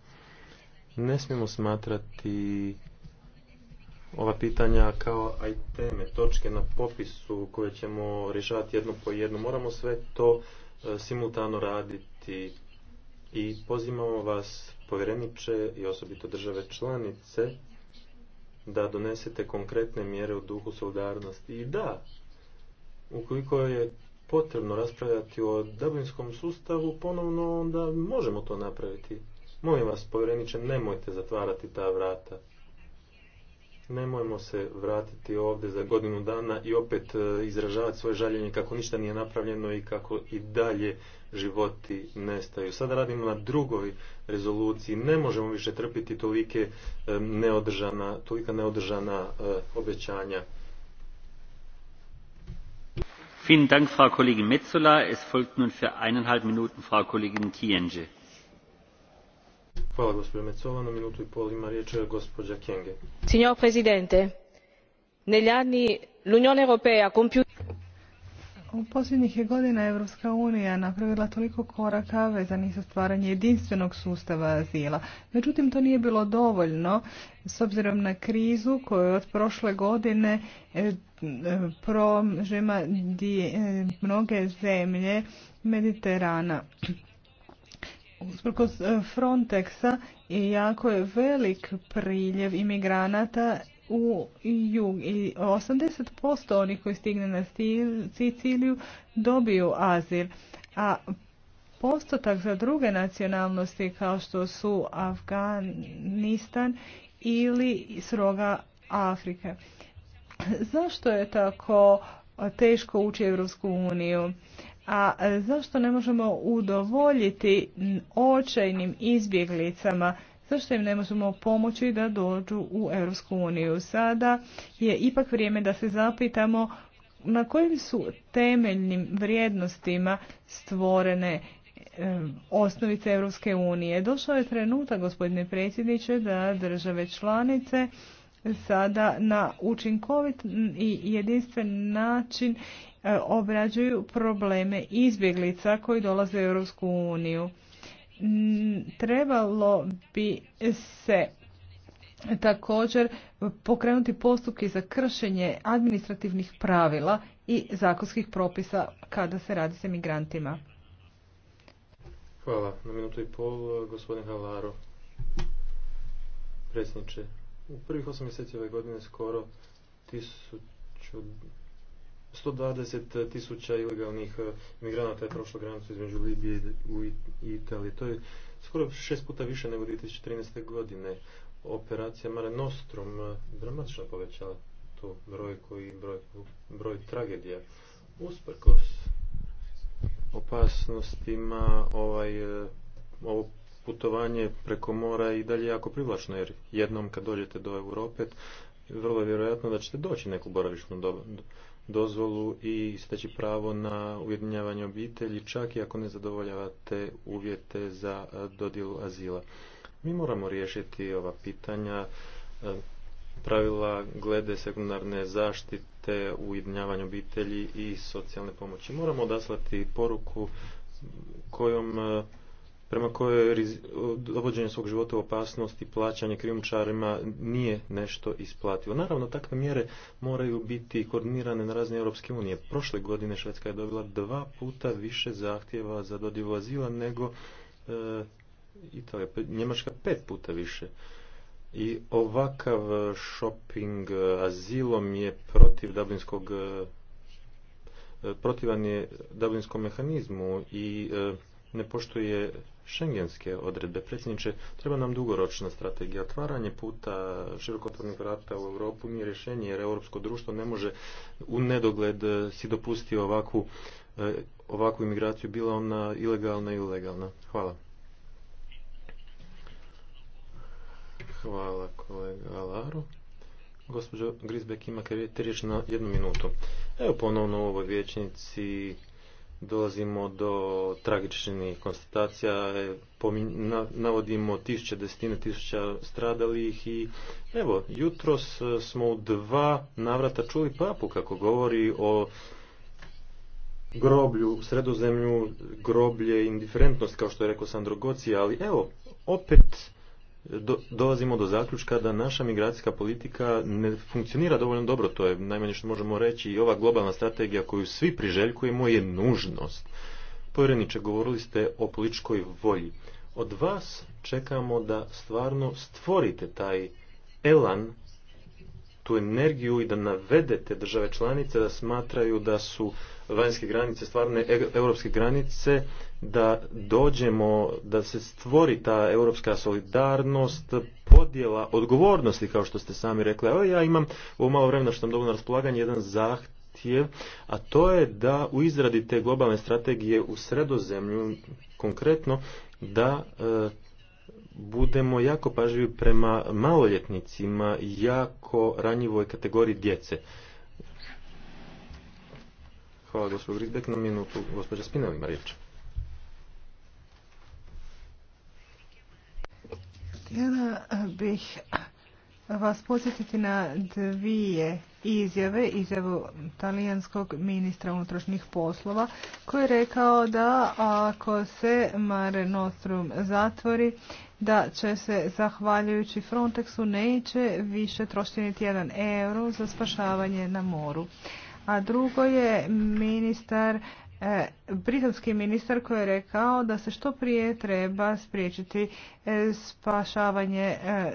Ne smijemo smatrati ova pitanja kao aj teme, točke na popisu koje ćemo rješavati jedno po jedno. Moramo sve to e, simultano raditi i pozivamo vas povjereniče i osobito države članice da donesete konkretne mjere u duhu solidarnosti. I da, ukoliko je potrebno raspravljati o dublinskom sustavu, ponovno onda možemo to napraviti. Molim vas, povjereniče, nemojte zatvarati ta vrata. Nemojmo se vratiti ovdje za godinu dana i opet e, izražavati svoje žaljenje kako ništa nije napravljeno i kako i dalje životi nestaju. Sada radimo na drugoj rezoluciji. Ne možemo više trpiti tolike e, neodržana, tolika neodržana e, obećanja. Vielen Dank, Frau Kollegin Metzola. Es folgt nun für eineinhalb Minuten Frau Kollegin Kienge. Hvala, gospođo Metzola. Na minutu i pol ima riječ e, gospođa Kienge. Signor Presidente, negli anni l'Unione Europea ha compiuto... U posljednjih je godina Europska unija napravila toliko koraka vezanih za stvaranje jedinstvenog sustava azila. Međutim, to nije bilo dovoljno s obzirom na krizu koju od prošle godine e, e, prožima e, mnoge zemlje Mediterana. Usprkos Frontexa jako je velik priljev imigranata u jug i 80% onih koji stigne na Siciliju dobiju azil, a postotak za druge nacionalnosti kao što su Afganistan ili sroga Afrike. Zašto je tako teško ući Evropsku uniju? A zašto ne možemo udovoljiti očajnim izbjeglicama zašto im ne možemo pomoći da dođu u Europsku uniju. Sada je ipak vrijeme da se zapitamo na kojim su temeljnim vrijednostima stvorene osnovice Europske unije. Došao je trenutak, gospodine predsjedniče, da države članice sada na učinkovit i jedinstven način obrađuju probleme izbjeglica koji dolaze u Europsku uniju. Mm, trebalo bi se također pokrenuti postupke za kršenje administrativnih pravila i zakonskih propisa kada se radi sa migrantima Hvala. Na minutu i pol, gospodin Halaro. Predsjedniče, u prvih osam mjeseci ove godine skoro tisuću 120 tisuća ilegalnih e, migranata je prošlo granicu između Libije i Italije. To je skoro šest puta više nego 2013. godine. Operacija Mare Nostrum e, dramatično povećala tu brojku i broj, tragedija. Usprkos opasnostima ovaj, e, ovo putovanje preko mora i dalje jako privlačno jer jednom kad dođete do Europe vrlo je vjerojatno da ćete doći neku boravišnu dobu dozvolu i steći pravo na ujedinjavanje obitelji, čak i ako ne zadovoljavate uvjete za e, dodjelu azila. Mi moramo riješiti ova pitanja e, pravila glede sekundarne zaštite, ujedinjavanje obitelji i socijalne pomoći. Moramo odaslati poruku kojom e, prema kojoj dovođenje svog života u opasnost i plaćanje krijumčarima nije nešto isplativo. Naravno, takve mjere moraju biti koordinirane na razne Europske unije. Prošle godine Švedska je dobila dva puta više zahtjeva za dodjelu azila nego e, Italija, Njemačka pet puta više. I ovakav shopping e, azilom je protiv Dublinskog e, e, protivan je Dublinskom mehanizmu i ne poštuje šengenske odredbe. Predsjedniče, treba nam dugoročna strategija. Otvaranje puta širokotvornih vrata u Europu nije rješenje jer europsko društvo ne može u nedogled eh, si dopustiti eh, ovakvu, imigraciju, bila ona ilegalna i legalna. Hvala. Hvala kolega Alaru. Gospođo Grisbek ima riječ na jednu minutu. Evo ponovno u ovoj vječnici dolazimo do tragičnih konstatacija, e, navodimo tisuće, desetine tisuća stradalih i evo, jutros e, smo u dva navrata čuli papu kako govori o groblju, sredozemlju, groblje, indiferentnost, kao što je rekao Sandro Goci, ali evo, opet dolazimo do zaključka da naša migracijska politika ne funkcionira dovoljno dobro. To je najmanje što možemo reći i ova globalna strategija koju svi priželjkujemo je nužnost. Povjereniče, govorili ste o političkoj volji. Od vas čekamo da stvarno stvorite taj elan tu energiju i da navedete države članice da smatraju da su vanjske granice stvarne europske granice da dođemo da se stvori ta europska solidarnost podjela odgovornosti kao što ste sami rekli evo ja imam u malo vremena što sam dobio na raspolaganje jedan zahtjev a to je da u izradi te globalne strategije u sredozemlju konkretno da e, budemo jako pažljivi prema maloljetnicima, jako ranjivoj kategoriji djece. Hvala gospođo Grisbek na minutu. Gospođa Spinel ima riječ. Htjela bih vas posjetiti na dvije izjave, izjavu talijanskog ministra unutrašnjih poslova koji je rekao da ako se Mare Nostrum zatvori, da će se zahvaljujući Frontexu neće više trošiti niti jedan euro za spašavanje na moru. A drugo je ministar eh, britanski ministar koji je rekao da se što prije treba spriječiti eh, spašavanje eh,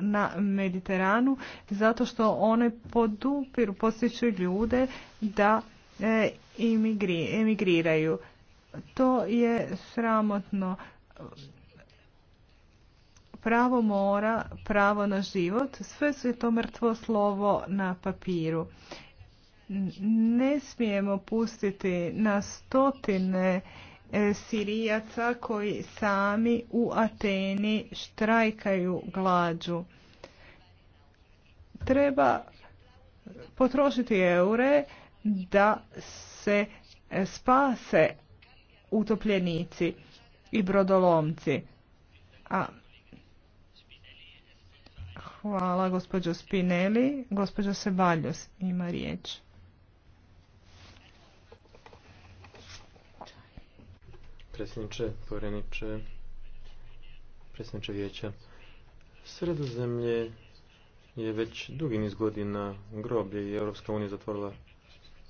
na Mediteranu zato što one podupiru, posjećuju ljude da e, emigriraju. To je sramotno. Pravo mora, pravo na život, sve su to mrtvo slovo na papiru. Ne smijemo pustiti na stotine E, Sirijaca koji sami u Ateni štrajkaju glađu. Treba potrošiti eure da se spase utopljenici i brodolomci. A Hvala gospođo Spinelli. Gospođo Sebaljos ima riječ. predsjedniče, povjereniče, predsjedniče vijeća. Sredozemlje je već dugi niz godina groblje i Europska unija zatvorila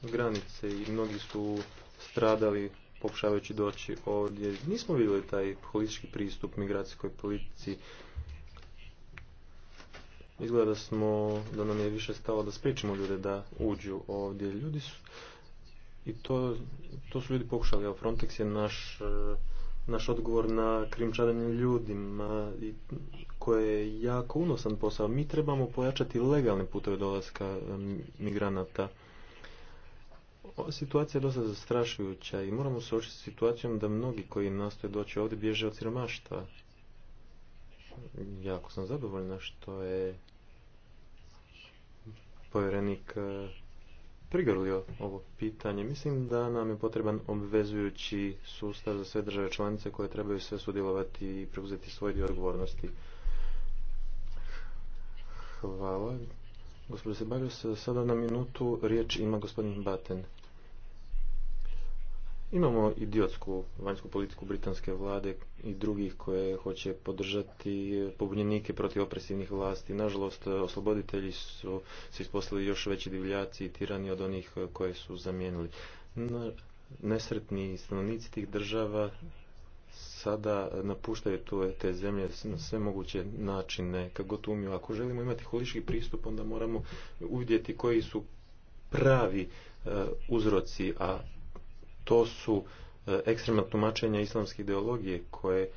granice i mnogi su stradali pokušavajući doći ovdje. Nismo vidjeli taj politički pristup migracijskoj politici. Izgleda da, smo, da nam je više stalo da spričimo ljude da uđu ovdje. Ljudi su, i to, to su ljudi pokušali, evo Frontex je naš, eh, naš odgovor na krimčaranje ljudima i koje je jako unosan posao. Mi trebamo pojačati legalne putove dolaska eh, migranata. Ova situacija je dosta zastrašujuća i moramo se očiti s situacijom da mnogi koji nastoje doći ovdje bježe od siromaštva. Jako sam zadovoljna što je povjerenik eh, prigrlio ovo pitanje. Mislim da nam je potreban obvezujući sustav za sve države članice koje trebaju sve sudjelovati i preuzeti svoj dio odgovornosti. Hvala. Gospodin Sebaljus, sada na minutu riječ ima gospodin Baten. Imamo idiotsku vanjsku politiku britanske vlade i drugih koje hoće podržati pobunjenike protiv opresivnih vlasti. Nažalost, osloboditelji su se isposlili još veći divljaci i tirani od onih koje su zamijenili. Nesretni stanovnici tih država sada napuštaju tu te zemlje na sve moguće načine, kako god umiju. Ako želimo imati holiški pristup, onda moramo uvidjeti koji su pravi e, uzroci, a to su e, ekstremna tumačenja islamske ideologije koje e,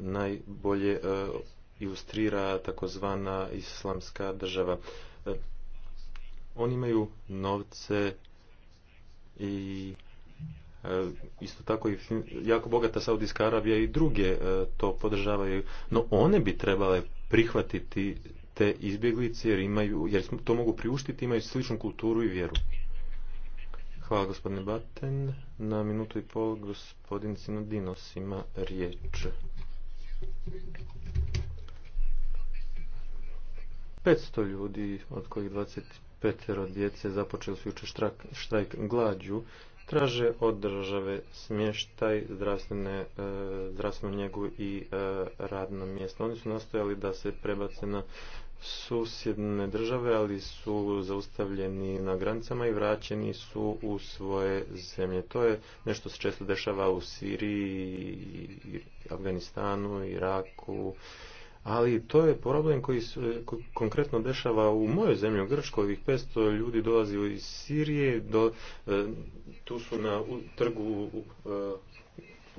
najbolje e, ilustrira takozvana islamska država. Oni imaju novce i isto tako i jako bogata Saudijska Arabija i druge to podržavaju, no one bi trebale prihvatiti te izbjeglice jer imaju, jer to mogu priuštiti, imaju sličnu kulturu i vjeru. Hvala gospodine Baten. Na minutu i pol gospodin Sinodinos ima riječ. 500 ljudi, od kojih 25 djece započeli su jučer štrajk, glađu, traže od države smještaj, e, zdravstvenu njegu i e, radno mjesto. Oni su nastojali da se prebace na susjedne države, ali su zaustavljeni na granicama i vraćeni su u svoje zemlje. To je nešto se često dešava u Siriji, Afganistanu, Iraku, ali to je problem koji se konkretno dešava u mojoj zemlji, u Grčkoj, ovih 500 ljudi dolazi iz Sirije, do, e, tu su na trgu e,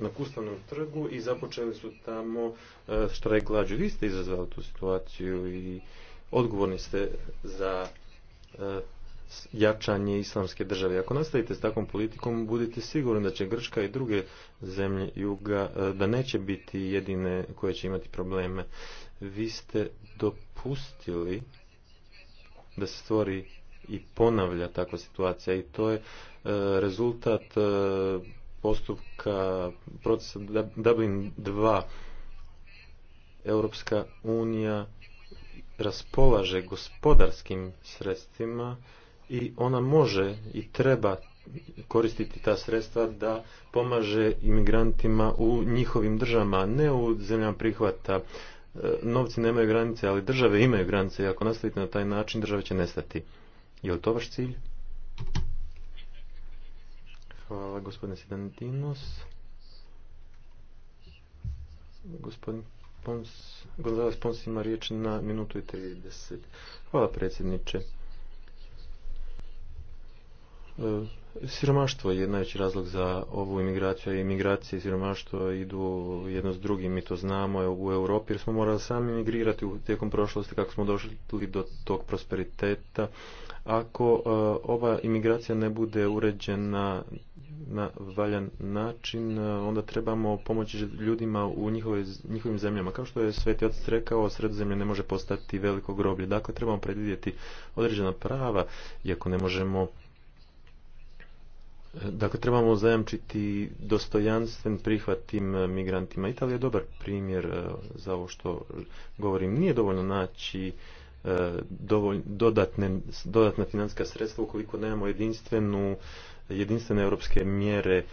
na Kustavnom trgu i započeli su tamo e, štrajk glađu. Vi ste izazvali tu situaciju i odgovorni ste za e, jačanje islamske države. Ako nastavite s takvom politikom, budite sigurni da će Grčka i druge zemlje juga, e, da neće biti jedine koje će imati probleme. Vi ste dopustili da se stvori i ponavlja takva situacija i to je rezultat postupka procesa Dublin 2 Europska unija raspolaže gospodarskim sredstvima i ona može i treba koristiti ta sredstva da pomaže imigrantima u njihovim državama, ne u zemljama prihvata. E, novci nemaju granice, ali države imaju granice i ako nastavite na taj način, države će nestati. Je li to vaš cilj? Hvala gospodine Sedantinos. Gospodin Pons, Pons ima riječ na minutu i 30. Hvala predsjedniče. E, siromaštvo je najveći razlog za ovu imigraciju. Imigracije i siromaštvo idu jedno s drugim, mi to znamo u Europi jer smo morali sami imigrirati u tijekom prošlosti kako smo došli do tog prosperiteta ako e, ova imigracija ne bude uređena na valjan način, e, onda trebamo pomoći ljudima u njihovim zemljama. Kao što je Sveti Otac rekao, zemlje ne može postati veliko groblje. Dakle, trebamo predvidjeti određena prava, iako ne možemo e, Dakle, trebamo zajamčiti dostojanstven prihvat tim migrantima. Italija je dobar primjer za ovo što govorim. Nije dovoljno naći dodatne, dodatna financijska sredstva ukoliko nemamo jedinstvenu, jedinstvene europske mjere e,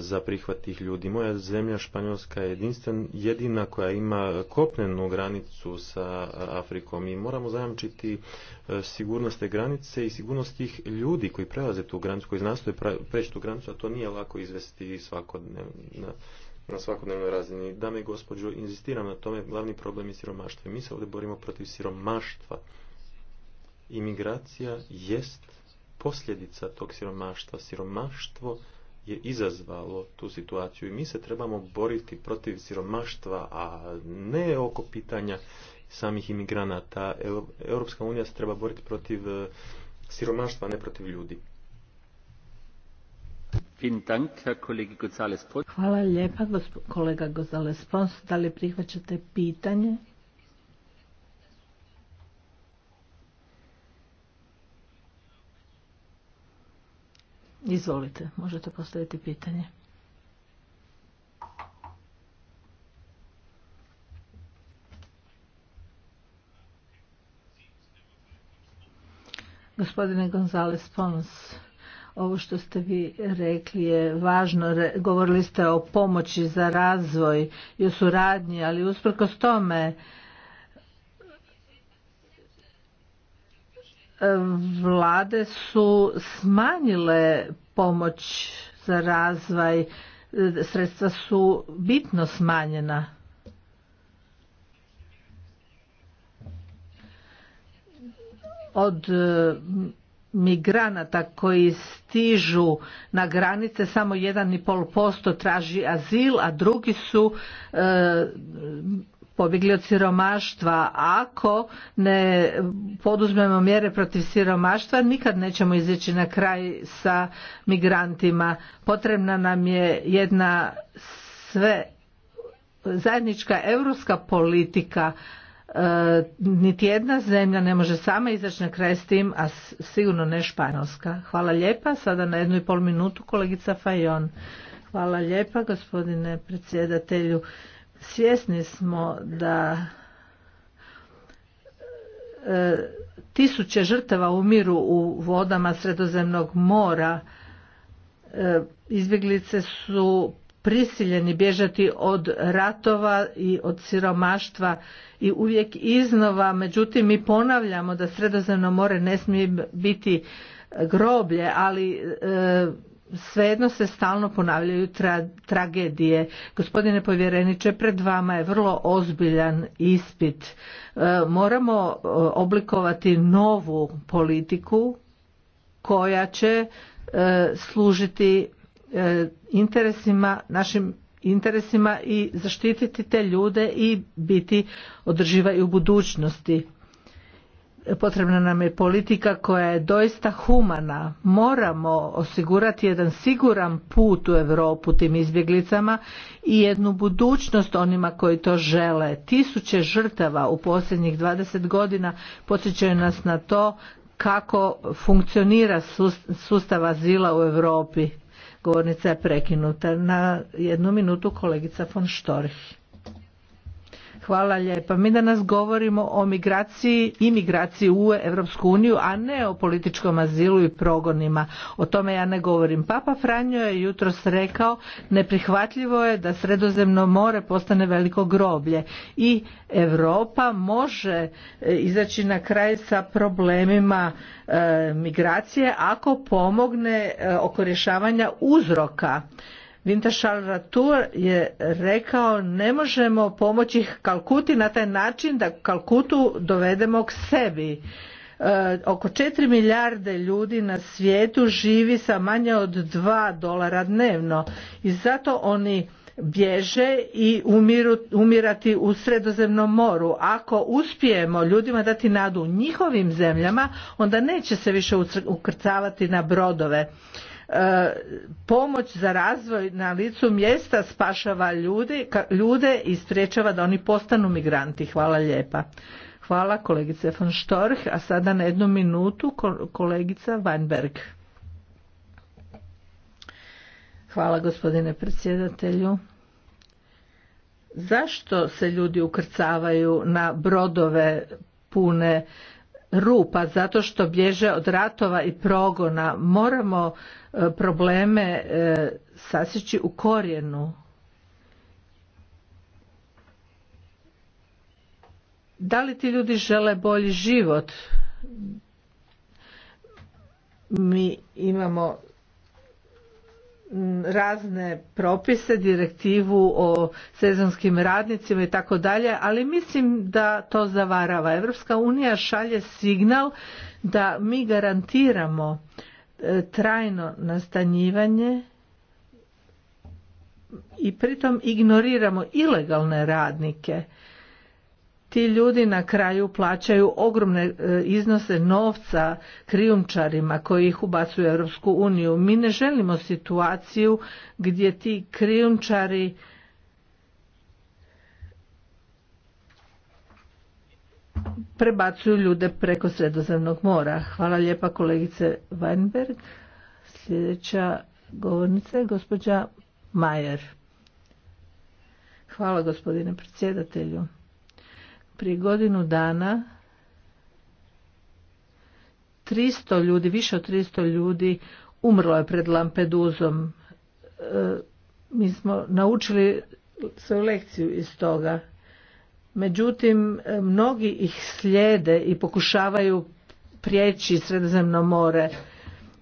za prihvat tih ljudi. Moja zemlja Španjolska je jedinstven, jedina koja ima kopnenu granicu sa Afrikom i moramo zajamčiti e, sigurnost te granice i sigurnost tih ljudi koji prelaze tu granicu, koji nastoje preći tu granicu, a to nije lako izvesti svakodnevno na svakodnevnoj razini. Dame i gospođo, inzistiram na tome, glavni problem je siromaštvo. Mi se ovdje borimo protiv siromaštva. Imigracija jest posljedica tog siromaštva. Siromaštvo je izazvalo tu situaciju i mi se trebamo boriti protiv siromaštva, a ne oko pitanja samih imigranata. Europska unija se treba boriti protiv eh, siromaštva, a ne protiv ljudi. Hvala lijepa, kolega Gonzales Pons. Da li prihvaćate pitanje? Izvolite, možete postaviti pitanje. Gospodine Gonzales Pons, ovo što ste vi rekli je važno. Govorili ste o pomoći za razvoj i o suradnji, ali usprkos tome vlade su smanjile pomoć za razvoj. Sredstva su bitno smanjena. Od migranata koji stižu na granice samo 1,5% traži azil, a drugi su e, pobjegli od siromaštva. Ako ne poduzmemo mjere protiv siromaštva, nikad nećemo izići na kraj sa migrantima. Potrebna nam je jedna sve zajednička europska politika E, niti jedna zemlja ne može sama izaći na kraj s tim, a sigurno ne Španjolska. Hvala lijepa. Sada na jednu i pol minutu kolegica Fajon. Hvala lijepa gospodine predsjedatelju. Svjesni smo da e, tisuće žrtava umiru u vodama Sredozemnog mora. E, izbjeglice su prisiljeni bježati od ratova i od siromaštva i uvijek iznova međutim mi ponavljamo da sredozemno more ne smije biti groblje ali e, svejedno se stalno ponavljaju tragedije gospodine povjereniče pred vama je vrlo ozbiljan ispit e, moramo e, oblikovati novu politiku koja će služiti E, interesima, našim interesima i zaštititi te ljude i biti održiva i u budućnosti. Potrebna nam je politika koja je doista humana. Moramo osigurati jedan siguran put u Europu tim izbjeglicama i jednu budućnost onima koji to žele. Tisuće žrtava u posljednjih 20 godina podsjećaju nas na to kako funkcionira sustav azila u Europi Govornica je prekinuta. Na jednu minutu kolegica von Storch. Hvala lijepa. Mi danas govorimo o migraciji i migraciji u Europsku uniju, a ne o političkom azilu i progonima. O tome ja ne govorim. Papa Franjo je jutros rekao neprihvatljivo je da sredozemno more postane veliko groblje i Europa može e, izaći na kraj sa problemima e, migracije ako pomogne e, oko rješavanja uzroka. Vintašal Ratur je rekao ne možemo pomoći Kalkuti na taj način da Kalkutu dovedemo k sebi. E, oko 4 milijarde ljudi na svijetu živi sa manje od 2 dolara dnevno i zato oni bježe i umirati u sredozemnom moru. Ako uspijemo ljudima dati nadu u njihovim zemljama, onda neće se više ukrcavati na brodove. E, pomoć za razvoj na licu mjesta spašava ljudi, ljude i sprječava da oni postanu migranti. Hvala lijepa. Hvala kolegice von Storch, a sada na jednu minutu kolegica Weinberg. Hvala gospodine predsjedatelju. Zašto se ljudi ukrcavaju na brodove pune rupa zato što bježe od ratova i progona. Moramo e, probleme e, sasjeći u korijenu. Da li ti ljudi žele bolji život? Mi imamo razne propise, direktivu o sezonskim radnicima i tako dalje, ali mislim da to zavarava. Evropska unija šalje signal da mi garantiramo e, trajno nastanjivanje i pritom ignoriramo ilegalne radnike ti ljudi na kraju plaćaju ogromne e, iznose novca krijumčarima koji ih ubacuju u Europsku uniju. Mi ne želimo situaciju gdje ti krijumčari prebacuju ljude preko Sredozemnog mora. Hvala lijepa kolegice Weinberg. Sljedeća govornica je gospođa Majer. Hvala gospodine predsjedatelju. Prije godinu dana 300 ljudi, više od 300 ljudi umrlo je pred Lampeduzom. E, mi smo naučili svoju lekciju iz toga. Međutim, mnogi ih slijede i pokušavaju prijeći sredozemno more.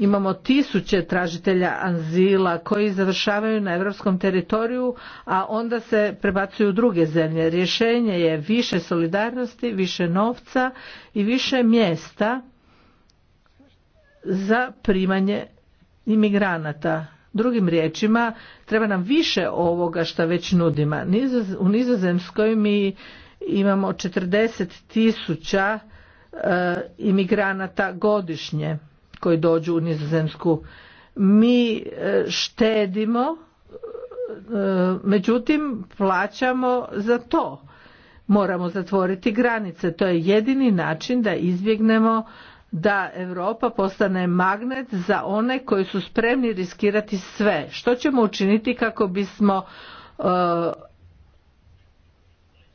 Imamo tisuće tražitelja anzila koji završavaju na europskom teritoriju, a onda se prebacuju u druge zemlje. Rješenje je više solidarnosti, više novca i više mjesta za primanje imigranata. Drugim riječima, treba nam više ovoga što već nudimo. U Nizozemskoj mi imamo 40 tisuća e, imigranata godišnje koji dođu u nizozemsku mi e, štedimo e, međutim plaćamo za to moramo zatvoriti granice to je jedini način da izbjegnemo da Europa postane magnet za one koji su spremni riskirati sve što ćemo učiniti kako bismo e,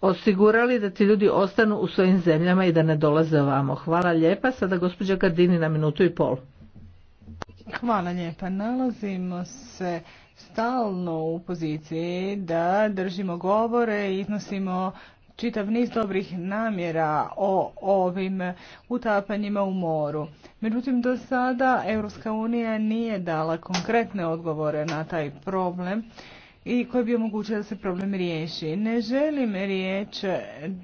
osigurali da ti ljudi ostanu u svojim zemljama i da ne dolaze ovamo. Hvala lijepa. Sada gospođa Gardini na minutu i pol. Hvala lijepa. Nalazimo se stalno u poziciji da držimo govore i iznosimo čitav niz dobrih namjera o ovim utapanjima u moru. Međutim, do sada Europska unija nije dala konkretne odgovore na taj problem i koji bi omogućio da se problem riješi. Ne želim riječ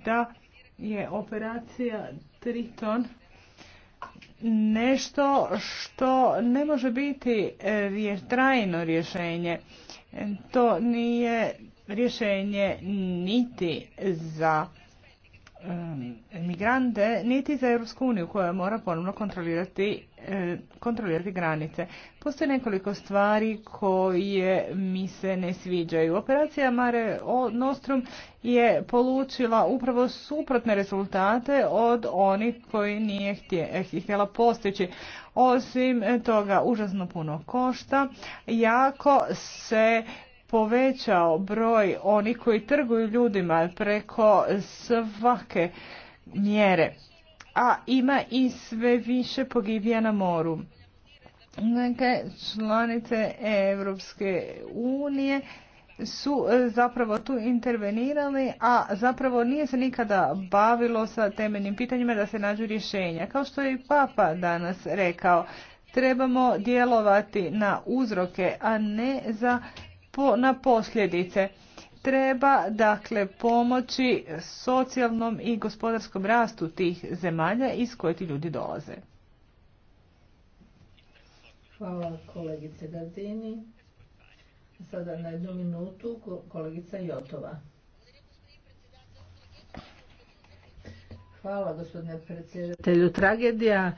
da je operacija Triton nešto što ne može biti trajno rješenje. To nije rješenje niti za emigrante niti za Europsku uniju koja mora ponovno kontrolirati, e, kontrolirati granice. Postoje nekoliko stvari koje mi se ne sviđaju. Operacija Mare Nostrum je polučila upravo suprotne rezultate od onih koji nije e, htjela postići. Osim toga, užasno puno košta, jako se povećao broj onih koji trguju ljudima preko svake mjere. A ima i sve više pogibija na moru. Neke članice Europske unije su e, zapravo tu intervenirali, a zapravo nije se nikada bavilo sa temeljnim pitanjima da se nađu rješenja. Kao što je i Papa danas rekao, trebamo djelovati na uzroke, a ne za na posljedice. Treba dakle pomoći socijalnom i gospodarskom rastu tih zemalja iz koje ti ljudi dolaze. Hvala kolegice Gazini. Sada na jednu minutu kolegica Jotova. Hvala gospodine predsjedatelju. Tragedija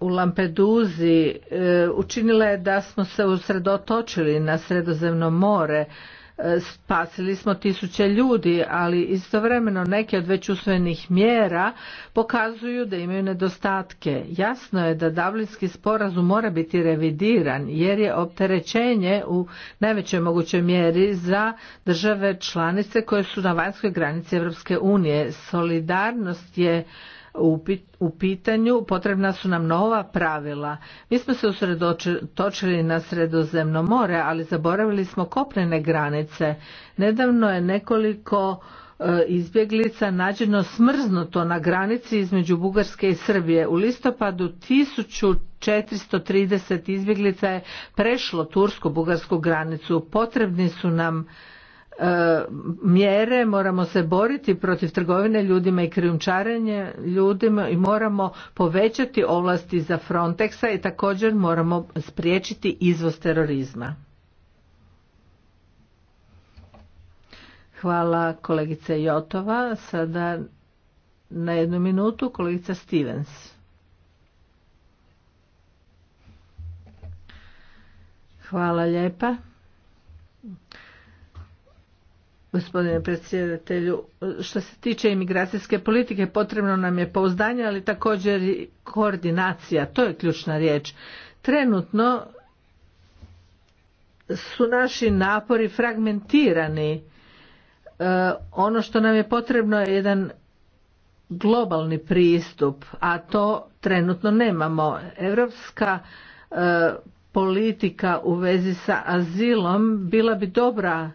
u Lampeduzi e, učinila je da smo se usredotočili na sredozemno more e, spasili smo tisuće ljudi, ali istovremeno neke od već usvojenih mjera pokazuju da imaju nedostatke. Jasno je da Davlinski sporazum mora biti revidiran jer je opterećenje u najvećoj mogućoj mjeri za države članice koje su na vanjskoj granici Europske unije. Solidarnost je u pitanju, potrebna su nam nova pravila. Mi smo se usredotočili na sredozemno more, ali zaboravili smo kopnene granice. Nedavno je nekoliko e, izbjeglica nađeno smrznuto na granici između Bugarske i Srbije. U listopadu 1430 izbjeglica je prešlo tursko-bugarsku granicu. Potrebni su nam E, mjere, moramo se boriti protiv trgovine ljudima i krijumčarenje ljudima i moramo povećati ovlasti za Frontexa i također moramo spriječiti izvoz terorizma. Hvala kolegice Jotova. Sada na jednu minutu kolegica Stevens. Hvala lijepa gospodine predsjedatelju. Što se tiče imigracijske politike potrebno nam je pouzdanje, ali također i koordinacija. To je ključna riječ. Trenutno su naši napori fragmentirani. E, ono što nam je potrebno je jedan globalni pristup, a to trenutno nemamo. Europska e, politika u vezi sa azilom bila bi dobra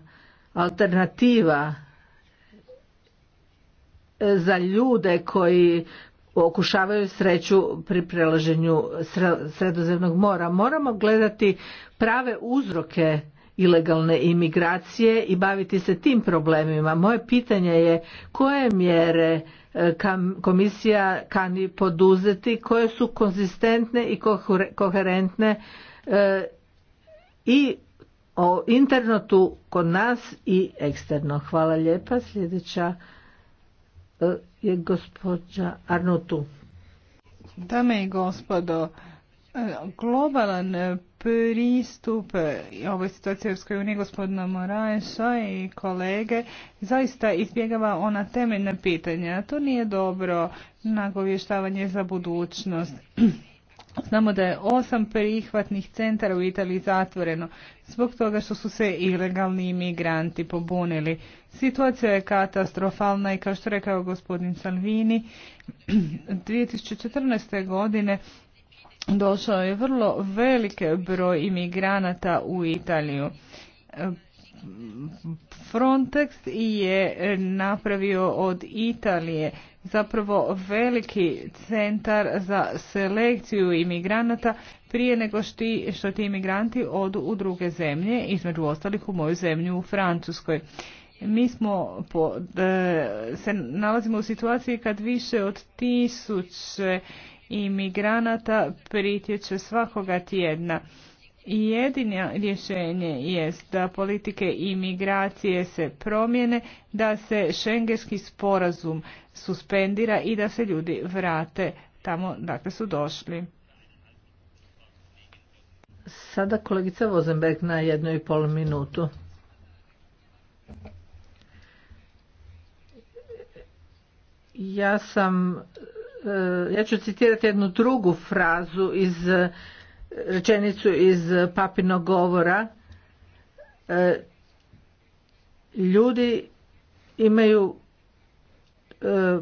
alternativa e, za ljude koji okušavaju sreću pri prelaženju sredozemnog mora. Moramo gledati prave uzroke ilegalne imigracije i baviti se tim problemima. Moje pitanje je koje mjere e, komisija kani poduzeti, koje su konzistentne i koherentne e, i o internetu kod nas i eksterno. Hvala lijepa. Sljedeća e, je gospođa arnutu Dame i gospodo, e, globalan pristup e, ovoj situaciji u uniji gospodina Moraesa i kolege zaista izbjegava ona temeljna pitanja. To nije dobro nagovještavanje za budućnost. Znamo da je osam prihvatnih centara u Italiji zatvoreno zbog toga što su se ilegalni imigranti pobunili. Situacija je katastrofalna i kao što rekao gospodin Salvini, 2014. godine došao je vrlo velik broj imigranata u Italiju. Frontex je napravio od Italije zapravo veliki centar za selekciju imigranata prije nego što ti imigranti odu u druge zemlje, između ostalih u moju zemlju u Francuskoj. Mi smo e, se nalazimo u situaciji kad više od tisuće imigranata pritječe svakoga tjedna Jedino rješenje jest da politike imigracije se promijene, da se šengenski sporazum suspendira i da se ljudi vrate tamo dakle su došli. Sada kolegica Vozenberg na jednu i pol minutu. Ja sam, e, ja ću citirati jednu drugu frazu iz rečenicu iz papinog govora e, ljudi imaju e,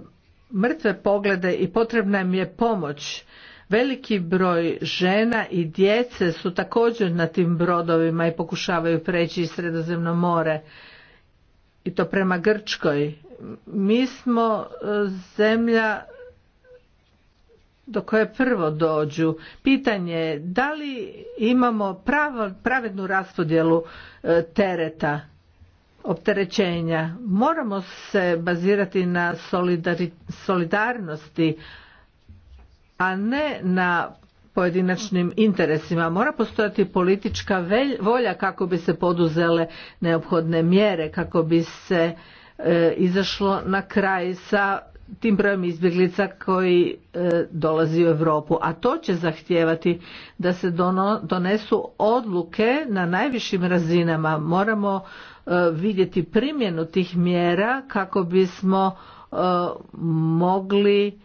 mrtve poglede i potrebna im je pomoć veliki broj žena i djece su također na tim brodovima i pokušavaju preći iz sredozemno more i to prema grčkoj mi smo e, zemlja do koje prvo dođu. Pitanje je da li imamo pravo, pravednu raspodjelu e, tereta, opterećenja. Moramo se bazirati na solidarnosti, a ne na pojedinačnim interesima. Mora postojati politička volja kako bi se poduzele neophodne mjere, kako bi se e, izašlo na kraj sa tim brojem izbjeglica koji e, dolazi u Europu a to će zahtijevati da se donesu odluke na najvišim razinama moramo e, vidjeti primjenu tih mjera kako bismo e, mogli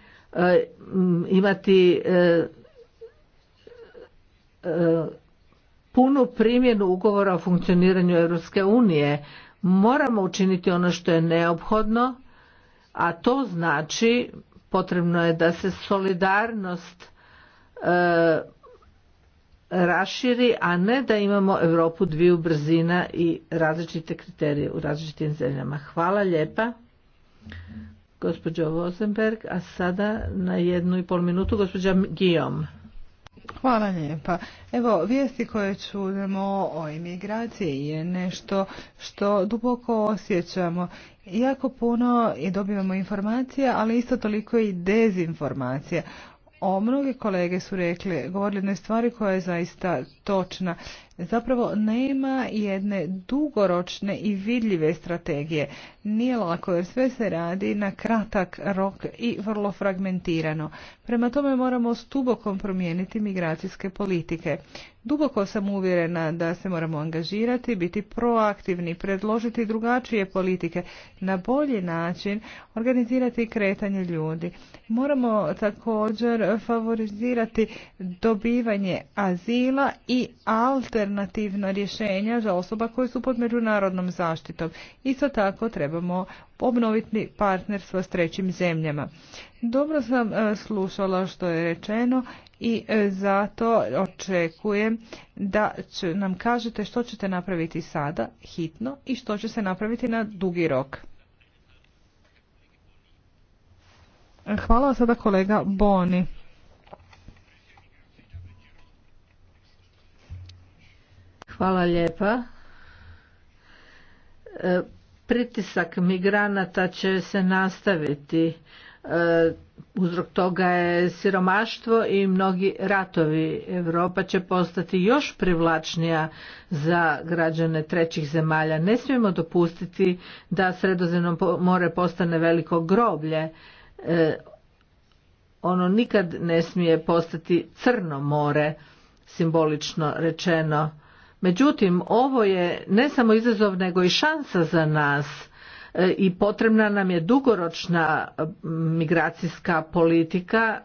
imati punu primjenu ugovora o funkcioniranju Europske unije moramo učiniti ono što je neophodno a to znači potrebno je da se solidarnost e, raširi, a ne da imamo Europu dviju brzina i različite kriterije u različitim zemljama. Hvala lijepa gospođo Vosenberg, a sada na jednu i pol minutu gospođa Guillaume. Hvala lijepa. Evo, vijesti koje čujemo o imigraciji je nešto što duboko osjećamo. Jako puno i dobivamo informacija, ali isto toliko i dezinformacija. O mnoge kolege su rekli, govorili stvari koja je zaista točna. Zapravo nema jedne dugoročne i vidljive strategije. Nije lako jer sve se radi na kratak rok i vrlo fragmentirano. Prema tome moramo stubokom promijeniti migracijske politike. Duboko sam uvjerena da se moramo angažirati, biti proaktivni, predložiti drugačije politike, na bolji način organizirati kretanje ljudi. Moramo također favorizirati dobivanje azila i alter alternativna rješenja za osoba koje su pod međunarodnom zaštitom. Isto tako trebamo obnoviti partnerstvo s trećim zemljama. Dobro sam e, slušala što je rečeno i e, zato očekujem da nam kažete što ćete napraviti sada hitno i što će se napraviti na dugi rok. Hvala sada kolega Boni. Hvala lijepa. E, pritisak migranata će se nastaviti. E, uzrok toga je siromaštvo i mnogi ratovi. Europa će postati još privlačnija za građane trećih zemalja. Ne smijemo dopustiti da sredozemno more postane veliko groblje. E, ono nikad ne smije postati crno more, simbolično rečeno Međutim, ovo je ne samo izazov nego i šansa za nas e, i potrebna nam je dugoročna e, migracijska politika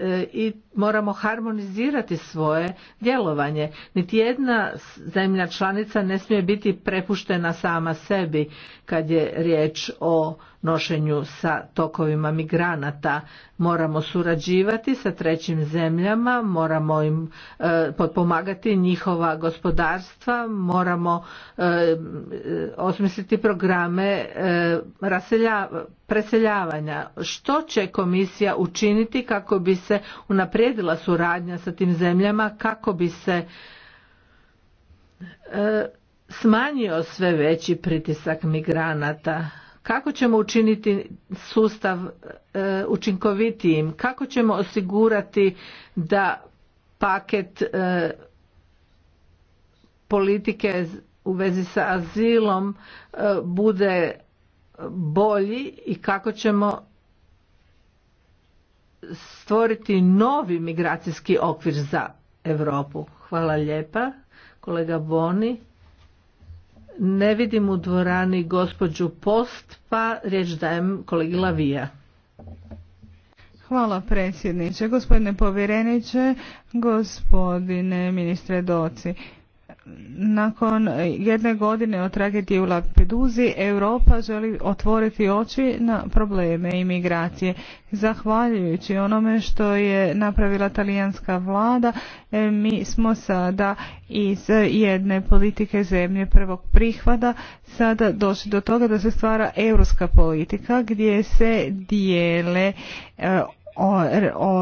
e, i moramo harmonizirati svoje djelovanje. Niti jedna zemlja članica ne smije biti prepuštena sama sebi kad je riječ o nošenju sa tokovima migranata. Moramo surađivati sa trećim zemljama, moramo im podpomagati e, potpomagati njihova gospodarstva, moramo e, osmisliti programe e, preseljavanja. Što će komisija učiniti kako bi se unaprijedila suradnja sa tim zemljama, kako bi se smanjio sve veći pritisak migranata kako ćemo učiniti sustav e, učinkovitijim kako ćemo osigurati da paket e, politike u vezi sa azilom e, bude bolji i kako ćemo stvoriti novi migracijski okvir za Europu. Hvala lijepa. Kolega Boni. Ne vidim u dvorani gospođu Post, pa riječ dajem kolegi Lavija. Hvala predsjedniče, gospodine povjereniče, gospodine ministre Doci nakon jedne godine od tragedije u Lampeduzi Europa želi otvoriti oči na probleme imigracije. Zahvaljujući onome što je napravila talijanska vlada, e, mi smo sada iz jedne politike zemlje prvog prihvada sada došli do toga da se stvara europska politika gdje se dijele e, o,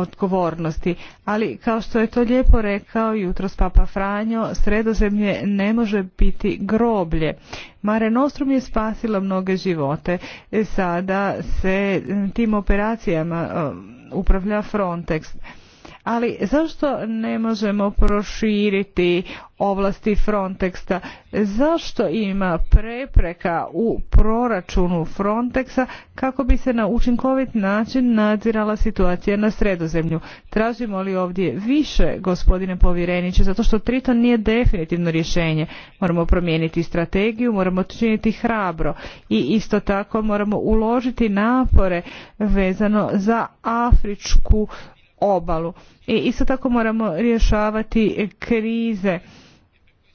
odgovornosti. Ali kao što je to lijepo rekao jutros Papa Franjo, sredozemlje ne može biti groblje. Mare Nostrum je spasilo mnoge živote. E, sada se tim operacijama upravlja Frontex. Ali zašto ne možemo proširiti ovlasti Frontexa? Zašto ima prepreka u proračunu Frontexa kako bi se na učinkovit način nadzirala situacija na sredozemlju? Tražimo li ovdje više, gospodine povjereniče, zato što Triton nije definitivno rješenje. Moramo promijeniti strategiju, moramo činiti hrabro i isto tako moramo uložiti napore vezano za afričku obalu. I isto tako moramo rješavati krize.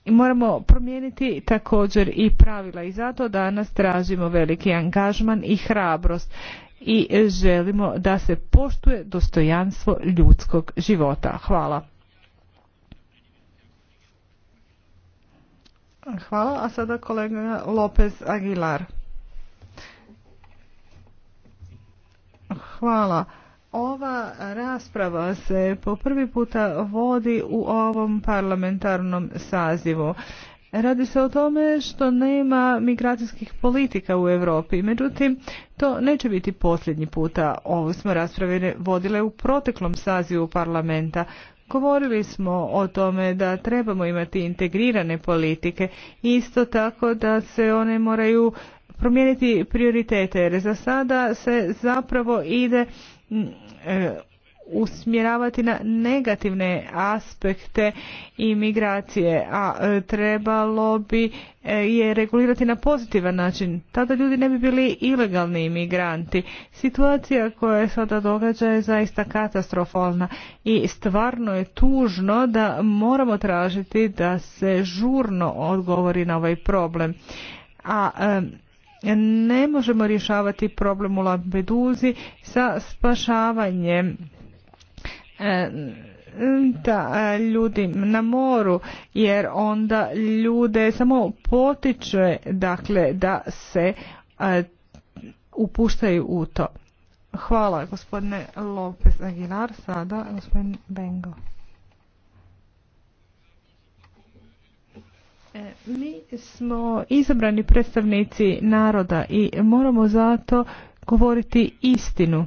i Moramo promijeniti također i pravila i zato danas tražimo veliki angažman i hrabrost i želimo da se poštuje dostojanstvo ljudskog života. Hvala. Hvala, a sada kolega Lopez Aguilar. Hvala. Ova rasprava se po prvi puta vodi u ovom parlamentarnom sazivu. Radi se o tome što nema migracijskih politika u Europi. Međutim, to neće biti posljednji puta. Ovo smo rasprave vodile u proteklom sazivu parlamenta. Govorili smo o tome da trebamo imati integrirane politike, isto tako da se one moraju promijeniti prioritete, jer za sada se zapravo ide E, usmjeravati na negativne aspekte imigracije, a e, trebalo bi e, je regulirati na pozitivan način. Tada ljudi ne bi bili ilegalni imigranti. Situacija koja je sada događa je zaista katastrofalna i stvarno je tužno da moramo tražiti da se žurno odgovori na ovaj problem. A ne možemo rješavati problem u Lampeduzi sa spašavanjem e, da, ljudi na moru jer onda ljude samo potiče dakle da se e, upuštaju u to. Hvala gospodine Lopez Aguilar, sada gospodin Bengo. E, mi smo izabrani predstavnici naroda i moramo zato govoriti istinu.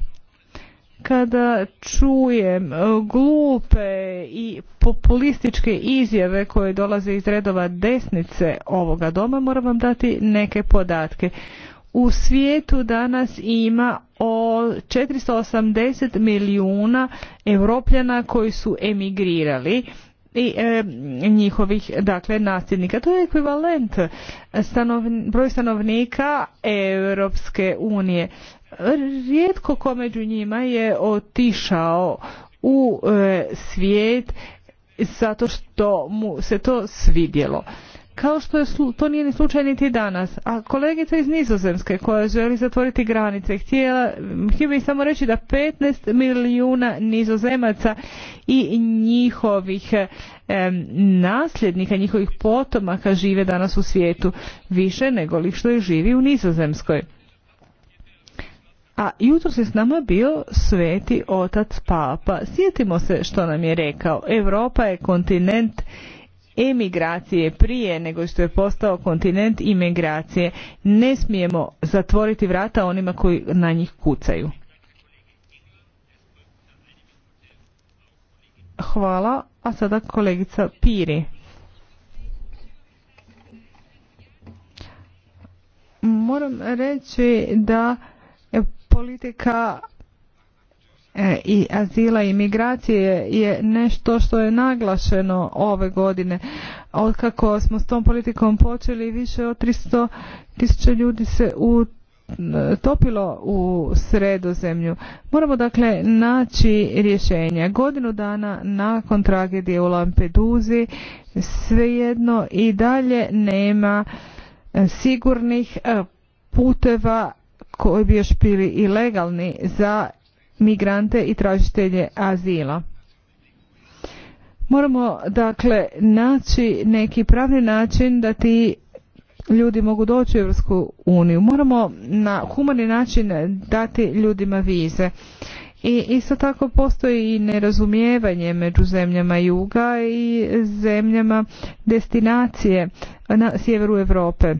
Kada čujem e, glupe i populističke izjave koje dolaze iz redova desnice ovoga doma, moram vam dati neke podatke. U svijetu danas ima o 480 milijuna europljana koji su emigrirali i e, njihovih dakle nasljednika. To je ekvivalent broj stanovnika Europske unije. Rijetko ko među njima je otišao u e, svijet zato što mu se to svidjelo kao što je, to nije ni slučaj niti danas. A kolegica iz Nizozemske koja želi zatvoriti granice, htjela, htio bih samo reći da 15 milijuna nizozemaca i njihovih nasljednika, njihovih potomaka žive danas u svijetu više nego li što je živi u Nizozemskoj. A jutro se s nama bio sveti otac papa. Sjetimo se što nam je rekao. Europa je kontinent emigracije prije nego što je postao kontinent imigracije. Ne smijemo zatvoriti vrata onima koji na njih kucaju. Hvala, a sada kolegica Piri. Moram reći da politika E, i azila i migracije je nešto što je naglašeno ove godine. Od kako smo s tom politikom počeli više od 300 tisuća ljudi se u e, topilo u sredozemlju. Moramo dakle naći rješenje. Godinu dana nakon tragedije u Lampeduzi svejedno i dalje nema e, sigurnih puteva koji bi još bili i legalni za migrante i tražitelje azila. Moramo dakle naći neki pravni način da ti ljudi mogu doći u Europsku uniju. Moramo na humani način dati ljudima vize. I isto tako postoji i nerazumijevanje među zemljama juga i zemljama destinacije na sjeveru Europe.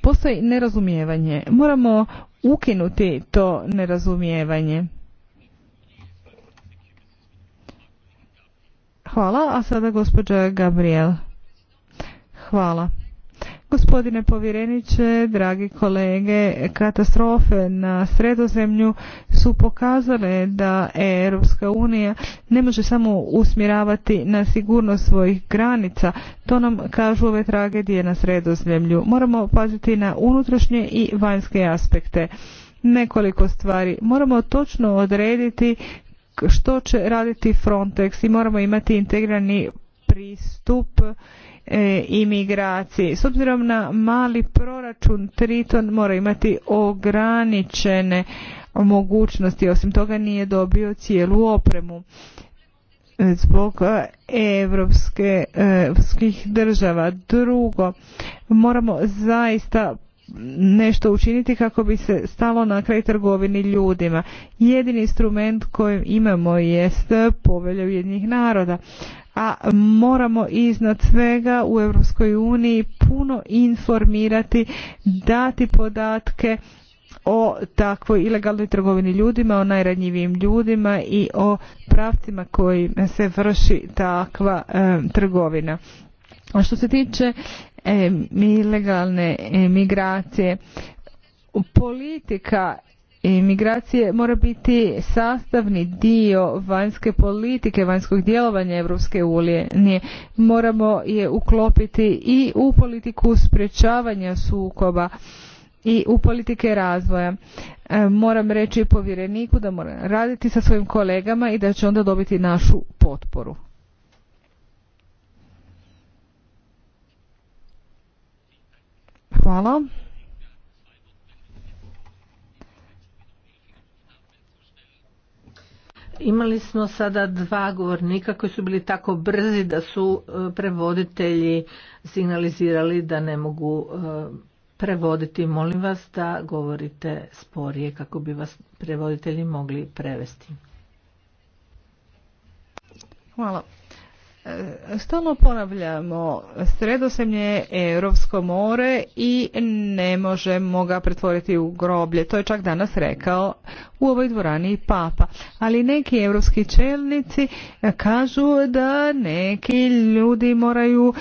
Postoji nerazumijevanje. Moramo ukinuti to nerazumijevanje. Hvala, a sada gospođa Gabriel. Hvala. Gospodine povjereniče, dragi kolege, katastrofe na sredozemlju su pokazale da Europska unija ne može samo usmjeravati na sigurnost svojih granica. To nam kažu ove tragedije na sredozemlju. Moramo paziti na unutrašnje i vanjske aspekte. Nekoliko stvari. Moramo točno odrediti što će raditi Frontex i moramo imati integrani pristup E, imigraciji. S obzirom na mali proračun Triton mora imati ograničene mogućnosti, osim toga nije dobio cijelu opremu e, zbog e, evropskih država. Drugo, moramo zaista nešto učiniti kako bi se stalo na kraj trgovini ljudima. Jedini instrument koji imamo jest povelja Ujedinjenih naroda a moramo iznad svega u Europskoj uniji puno informirati, dati podatke o takvoj ilegalnoj trgovini ljudima, o najranjivijim ljudima i o pravcima koji se vrši takva trgovina. A što se tiče e, ilegalne migracije, politika imigracije mora biti sastavni dio vanjske politike, vanjskog djelovanja Europske unije. Moramo je uklopiti i u politiku sprječavanja sukoba i u politike razvoja. E, moram reći povjereniku da mora raditi sa svojim kolegama i da će onda dobiti našu potporu. Hvala. Imali smo sada dva govornika koji su bili tako brzi da su e, prevoditelji signalizirali da ne mogu e, prevoditi. Molim vas da govorite sporije kako bi vas prevoditelji mogli prevesti. Hvala Stalno ponavljamo, sredozemlje je Europsko more i ne možemo ga pretvoriti u groblje. To je čak danas rekao u ovoj dvorani Papa. Ali neki europski čelnici kažu da neki ljudi moraju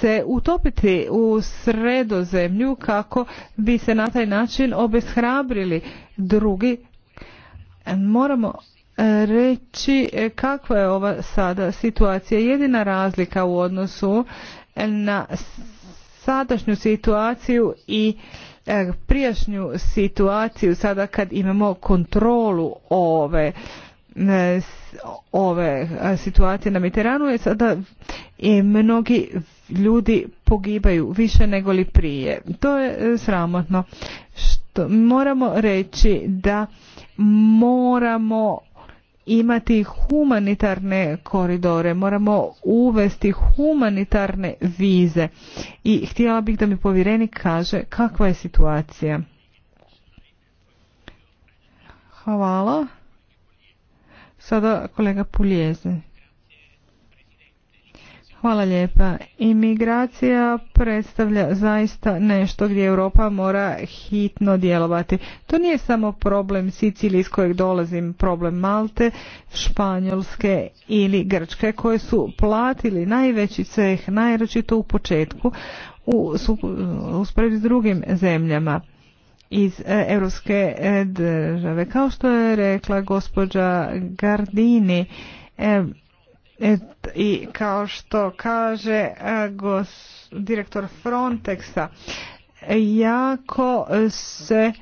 se utopiti u sredozemlju kako bi se na taj način obeshrabrili drugi. Moramo reći e, kakva je ova sada situacija. Jedina razlika u odnosu na sadašnju situaciju i e, prijašnju situaciju sada kad imamo kontrolu ove e, ove situacije na Mediteranu je sada i mnogi ljudi pogibaju više nego li prije. To je sramotno. Što moramo reći da moramo imati humanitarne koridore, moramo uvesti humanitarne vize i htjela bih da mi povjerenik kaže kakva je situacija. Hvala. Sada kolega Puljeze. Hvala lijepa. Imigracija predstavlja zaista nešto gdje Europa mora hitno djelovati. To nije samo problem Sicilije iz kojeg dolazim, problem Malte, Španjolske ili Grčke koje su platili najveći ceh, najročito u početku, u usporedbi s drugim zemljama iz e, europske e, države. Kao što je rekla gospođa Gardini, e, i kao što kaže e, direktor Frontexa, jako se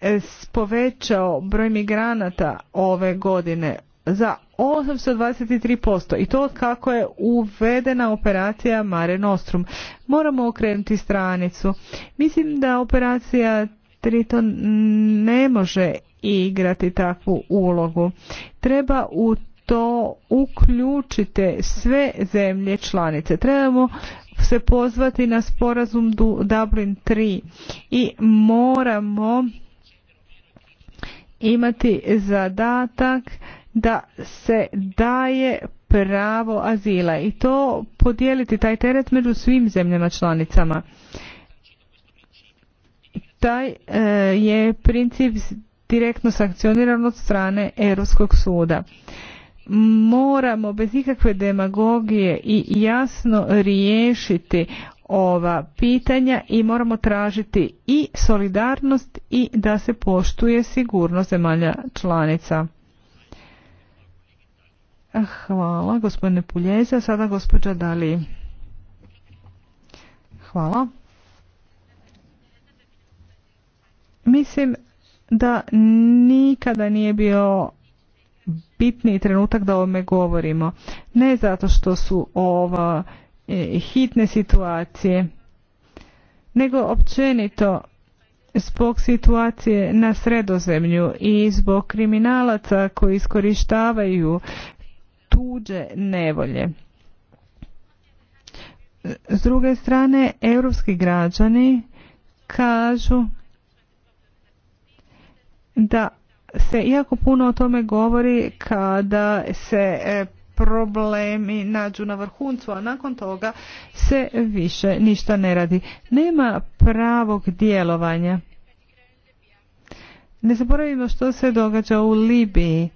e, povećao broj migranata ove godine za 823% i to kako je uvedena operacija Mare Nostrum. Moramo okrenuti stranicu. Mislim da operacija Triton ne može igrati takvu ulogu. Treba u to uključite sve zemlje članice. Trebamo se pozvati na sporazum Dublin 3 i moramo imati zadatak da se daje pravo azila i to podijeliti taj teret među svim zemljama članicama. Taj e, je princip direktno sankcioniran od strane Europskog suda moramo bez ikakve demagogije i jasno riješiti ova pitanja i moramo tražiti i solidarnost i da se poštuje sigurnost zemalja članica. Hvala gospodine Puljeza, sada gospođa Dali. Hvala. Mislim da nikada nije bio bitni trenutak da o ovome govorimo. Ne zato što su ova e, hitne situacije, nego općenito zbog situacije na sredozemlju i zbog kriminalaca koji iskorištavaju tuđe nevolje. S druge strane, europski građani kažu da se jako puno o tome govori kada se e, problemi nađu na vrhuncu, a nakon toga se više ništa ne radi. Nema pravog djelovanja. Ne zaboravimo što se događa u Libiji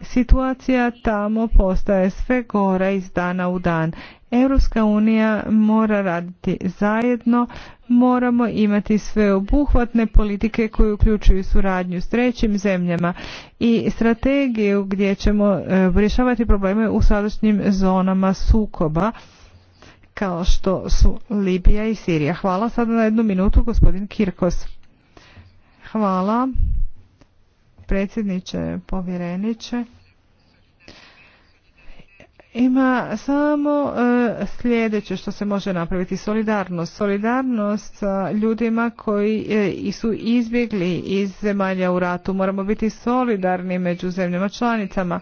situacija tamo postaje sve gora iz dana u dan. Europska unija mora raditi zajedno, moramo imati sve obuhvatne politike koje uključuju suradnju s trećim zemljama i strategiju gdje ćemo e, rješavati probleme u sadašnjim zonama sukoba kao što su Libija i Sirija. Hvala sada na jednu minutu gospodin Kirkos. Hvala predsjedniče, povjereniče. Ima samo e, sljedeće što se može napraviti solidarnost. Solidarnost sa ljudima koji e, su izbjegli iz zemalja u ratu. Moramo biti solidarni među zemljama članicama.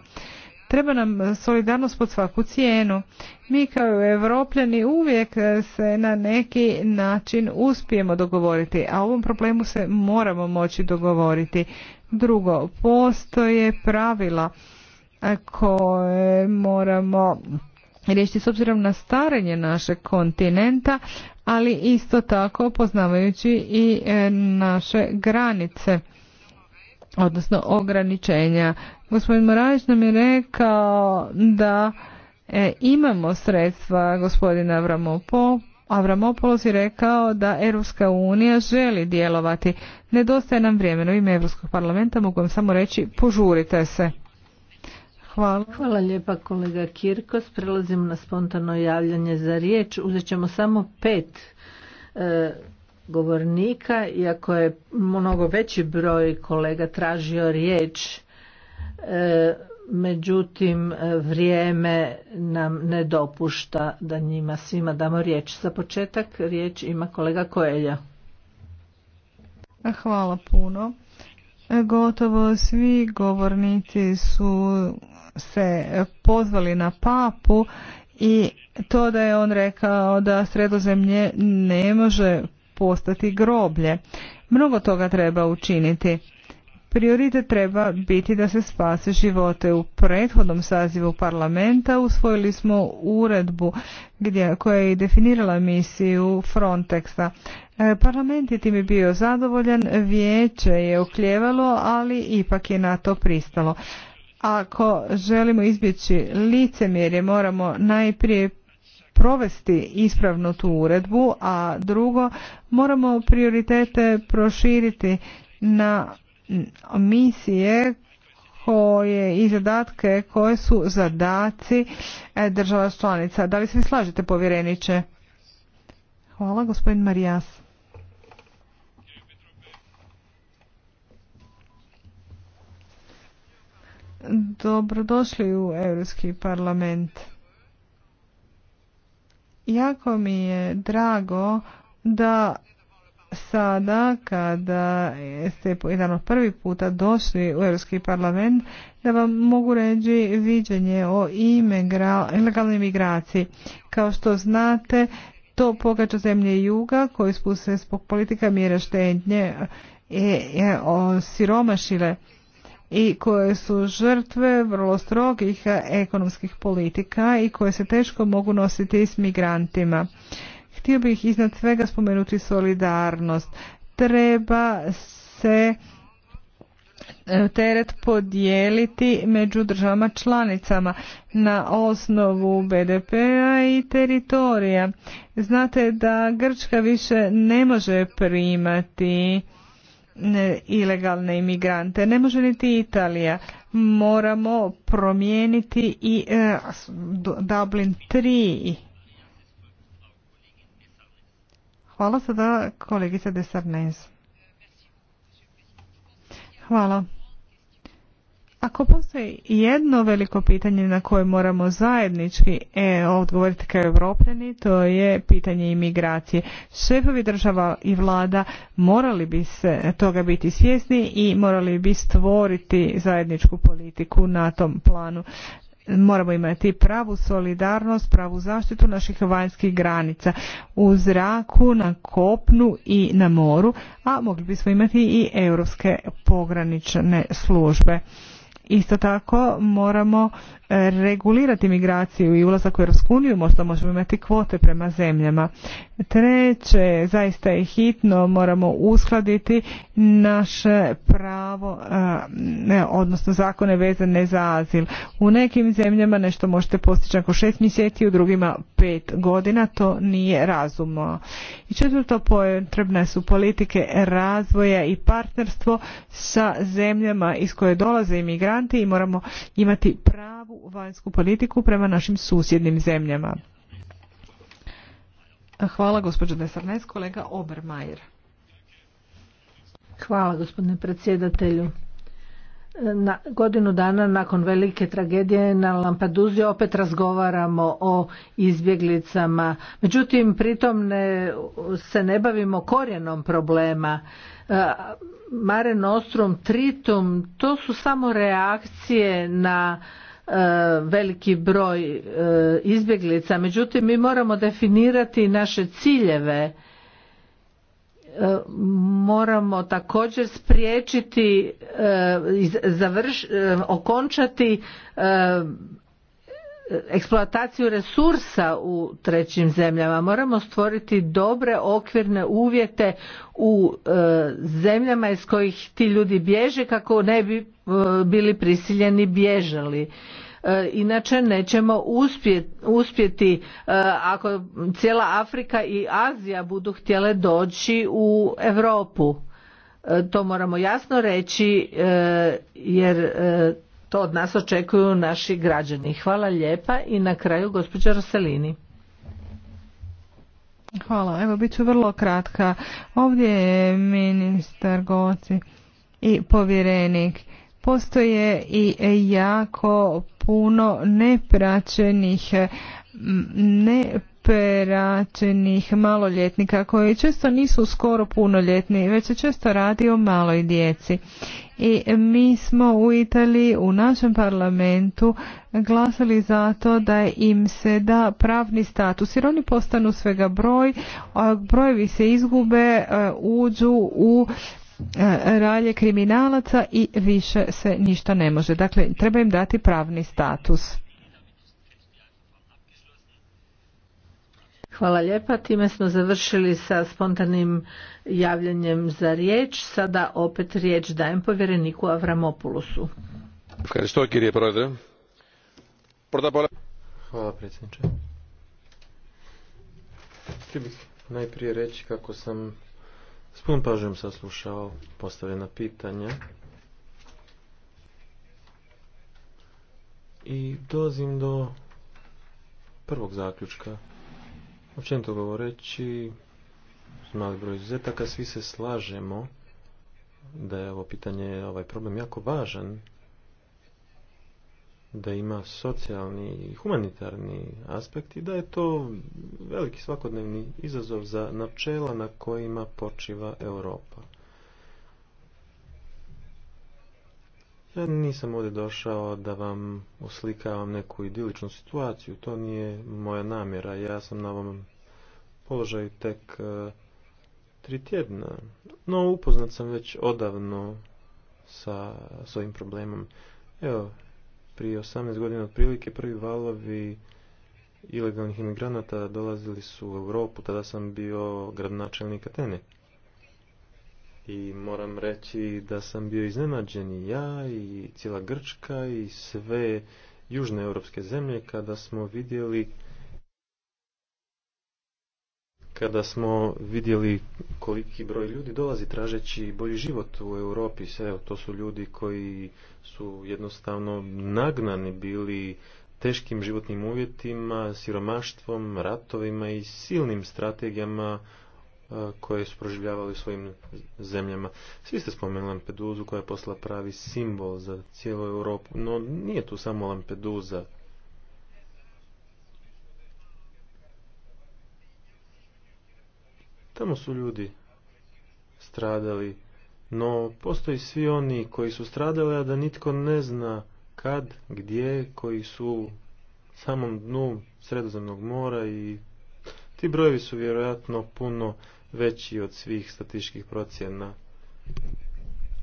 Treba nam solidarnost pod svaku cijenu. Mi kao europljani uvijek se na neki način uspijemo dogovoriti, a ovom problemu se moramo moći dogovoriti. Drugo, postoje pravila e, koje moramo riješiti s obzirom na starenje našeg kontinenta, ali isto tako poznavajući i e, naše granice odnosno ograničenja. Gospodin Moraž nam je rekao da e, imamo sredstva gospodina vramopo Avramopoulos je rekao da Europska unija želi djelovati. Nedostaje nam vremena u ime Europskog parlamenta, mogu vam samo reći požurite se. Hvala. Hvala lijepa kolega Kirkos. Prelazimo na spontano javljanje za riječ. Uzet ćemo samo pet e, govornika, iako je mnogo veći broj kolega tražio riječ. E, međutim vrijeme nam ne dopušta da njima svima damo riječ. Za početak riječ ima kolega Koelja. Hvala puno. Gotovo svi govornici su se pozvali na papu i to da je on rekao da sredozemlje ne može postati groblje. Mnogo toga treba učiniti. Prioritet treba biti da se spase živote. U prethodnom sazivu parlamenta usvojili smo uredbu gdje, koja je definirala misiju Frontexa. E, parlament je time bio zadovoljan, vijeće je ukljevalo, ali ipak je na to pristalo. Ako želimo izbjeći licemjerje, moramo najprije provesti ispravno tu uredbu, a drugo moramo prioritete proširiti na misije koje i zadatke koje su zadaci e, država članica. Da li se mi slažete povjereniče? Hvala gospodin Marijas. Dobrodošli u Europski parlament. Jako mi je drago da sada kada ste jedan od prvi puta došli u Europski parlament da vam mogu reći viđenje o ilegalnoj migraciji. Kao što znate, to pogađa zemlje juga koje su se zbog politika mjera štednje i e, e, siromašile i koje su žrtve vrlo strogih ekonomskih politika i koje se teško mogu nositi s migrantima. Htio bih iznad svega spomenuti solidarnost. Treba se e, teret podijeliti među državama članicama na osnovu BDP-a i teritorija. Znate da Grčka više ne može primati e, ilegalne imigrante, ne može niti Italija. Moramo promijeniti i e, Dublin 3 Hvala sada kolegica Desarnez. Hvala. Ako postoji jedno veliko pitanje na koje moramo zajednički e, odgovoriti kao evropljani, to je pitanje imigracije. Šefovi država i vlada morali bi se toga biti svjesni i morali bi stvoriti zajedničku politiku na tom planu moramo imati pravu solidarnost, pravu zaštitu naših vanjskih granica u zraku, na kopnu i na moru, a mogli bismo imati i europske pogranične službe. Isto tako moramo e, regulirati migraciju i ulazak u Europsku uniju, možda možemo imati kvote prema zemljama. Treće, zaista je hitno, moramo uskladiti naše pravo, odnosno zakone vezane za azil. U nekim zemljama nešto možete postići ako šest mjeseci, u drugima pet godina, to nije razumno. I četvrto, potrebne su politike razvoja i partnerstvo sa zemljama iz koje dolaze imigranti i moramo imati pravu vanjsku politiku prema našim susjednim zemljama. Hvala gospođo Desarnes, kolega Obermajer. Hvala gospodine predsjedatelju. Na godinu dana nakon velike tragedije na Lampaduzi opet razgovaramo o izbjeglicama. Međutim, pritom ne, se ne bavimo korijenom problema. E, Mare Nostrum, Tritum, to su samo reakcije na E, veliki broj e, izbjeglica međutim mi moramo definirati naše ciljeve e, moramo također spriječiti završ, okončati eksploataciju resursa u trećim zemljama moramo stvoriti dobre okvirne uvjete u e, zemljama iz kojih ti ljudi bježe kako ne bi e, bili prisiljeni bježali e, inače nećemo uspjeti, ako cijela Afrika i Azija budu htjele doći u Europu to moramo jasno reći jer to od nas očekuju naši građani. Hvala lijepa i na kraju gospođa Roselini. Hvala, evo bit ću vrlo kratka. Ovdje je ministar Goci i povjerenik. Postoje i jako puno nepraćenih ne operačenih maloljetnika koji često nisu skoro punoljetni, već se često radi o maloj djeci. I mi smo u Italiji u našem parlamentu glasali za to da im se da pravni status jer oni postanu svega broj, a brojevi se izgube, e, uđu u e, ralje kriminalaca i više se ništa ne može. Dakle, treba im dati pravni status. Hvala lijepa. Time smo završili sa spontanim javljanjem za riječ. Sada opet riječ dajem povjereniku Avramopulusu. Hvala predsjedniče. Htio bih najprije reći kako sam s punom pažnjom saslušao postavljena pitanja i dolazim do prvog zaključka Općenito govoreći, mali broj izuzetaka, svi se slažemo da je ovo pitanje, ovaj problem jako važan, da ima socijalni i humanitarni aspekt i da je to veliki svakodnevni izazov za načela na kojima počiva Europa. Nisam ovdje došao da vam oslikavam neku idiličnu situaciju, to nije moja namjera. Ja sam na ovom položaju tek e, tri tjedna, no upoznat sam već odavno sa, svojim ovim problemom. Evo, prije 18 godina otprilike prvi valovi ilegalnih imigranata dolazili su u Europu, tada sam bio gradonačelnik Atene i moram reći da sam bio iznenađen i ja i cijela Grčka i sve južne europske zemlje kada smo vidjeli kada smo vidjeli koliki broj ljudi dolazi tražeći bolji život u Europi, sve to su ljudi koji su jednostavno nagnani bili teškim životnim uvjetima, siromaštvom, ratovima i silnim strategijama E, koje su proživljavali u svojim zemljama. Svi ste spomenuli Lampeduzu koja je postala pravi simbol za cijelu Europu, no nije tu samo Lampeduza. Tamo su ljudi stradali, no postoji svi oni koji su stradali, a da nitko ne zna kad, gdje, koji su u samom dnu Sredozemnog mora i ti brojevi su vjerojatno puno veći od svih statističkih procjena.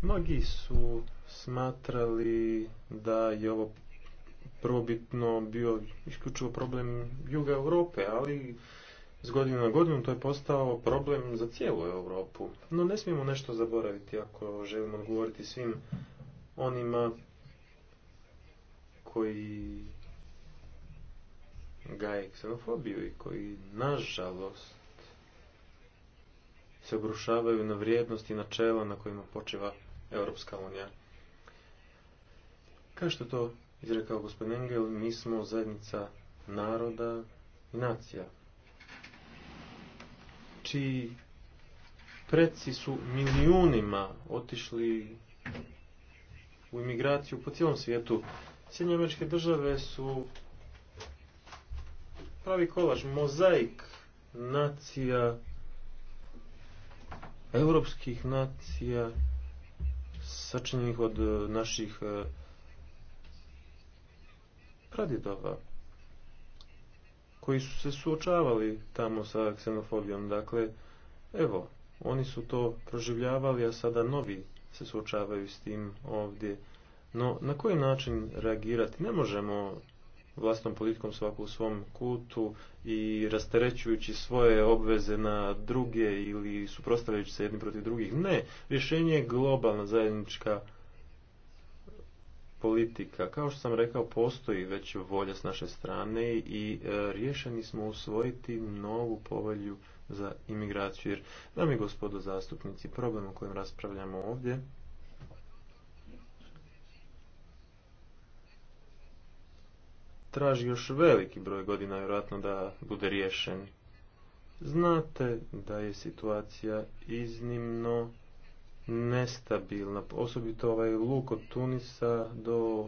Mnogi su smatrali da je ovo prvobitno bio isključivo problem juga Europe, ali s godinu na godinu to je postao problem za cijelu Europu. No ne smijemo nešto zaboraviti ako želimo odgovoriti svim onima koji gaje ksenofobiju i koji nažalost se obrušavaju na vrijednosti i načela na kojima počiva Europska unija. Kao što to izrekao gospodin Engel, mi smo zajednica naroda i nacija, čiji preci su milijunima otišli u imigraciju po cijelom svijetu. Sjedinje američke države su pravi kolaž, mozaik nacija europskih nacija sačinjenih od e, naših e, pradjedova koji su se suočavali tamo sa ksenofobijom. Dakle, evo, oni su to proživljavali, a sada novi se suočavaju s tim ovdje. No, na koji način reagirati? Ne možemo vlastnom politikom svaku u svom kutu i rasterećujući svoje obveze na druge ili suprotstavljajući se jedni protiv drugih. Ne, rješenje je globalna zajednička politika. Kao što sam rekao, postoji već volja s naše strane i e, rješeni smo usvojiti novu povelju za imigraciju. Jer, dame i gospodo zastupnici, problem o kojem raspravljamo ovdje traži još veliki broj godina vjerojatno da bude riješen. Znate da je situacija iznimno nestabilna, osobito ovaj luk od Tunisa do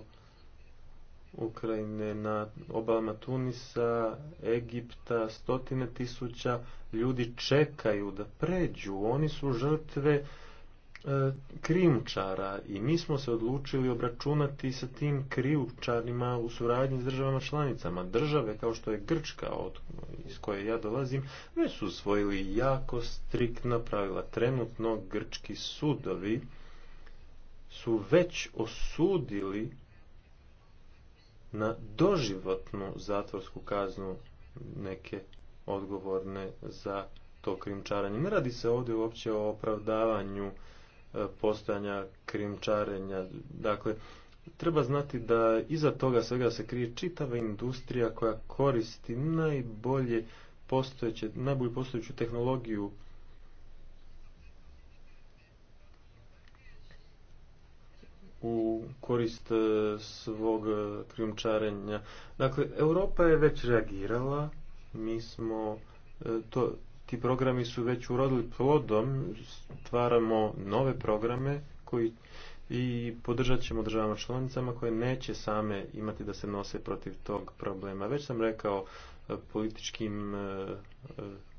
Ukrajine, na obalama Tunisa, Egipta, stotine tisuća ljudi čekaju da pređu, oni su žrtve E, krijumčara i mi smo se odlučili obračunati sa tim krijumčarima u suradnji s državama članicama. Države kao što je Grčka iz koje ja dolazim već su usvojili jako striktna pravila. Trenutno grčki sudovi su već osudili na doživotnu zatvorsku kaznu neke odgovorne za to krimčaranje. Ne radi se ovdje uopće o opravdavanju E, postojanja krimčarenja. Dakle, treba znati da iza toga svega se krije čitava industrija koja koristi najbolje postojeće, najbolju postojeću tehnologiju u korist e, svog krijumčarenja. Dakle, Europa je već reagirala, mi smo e, to ti programi su već urodili plodom, stvaramo nove programe koji i podržat ćemo državama članicama koje neće same imati da se nose protiv tog problema. Već sam rekao e, političkim e, e,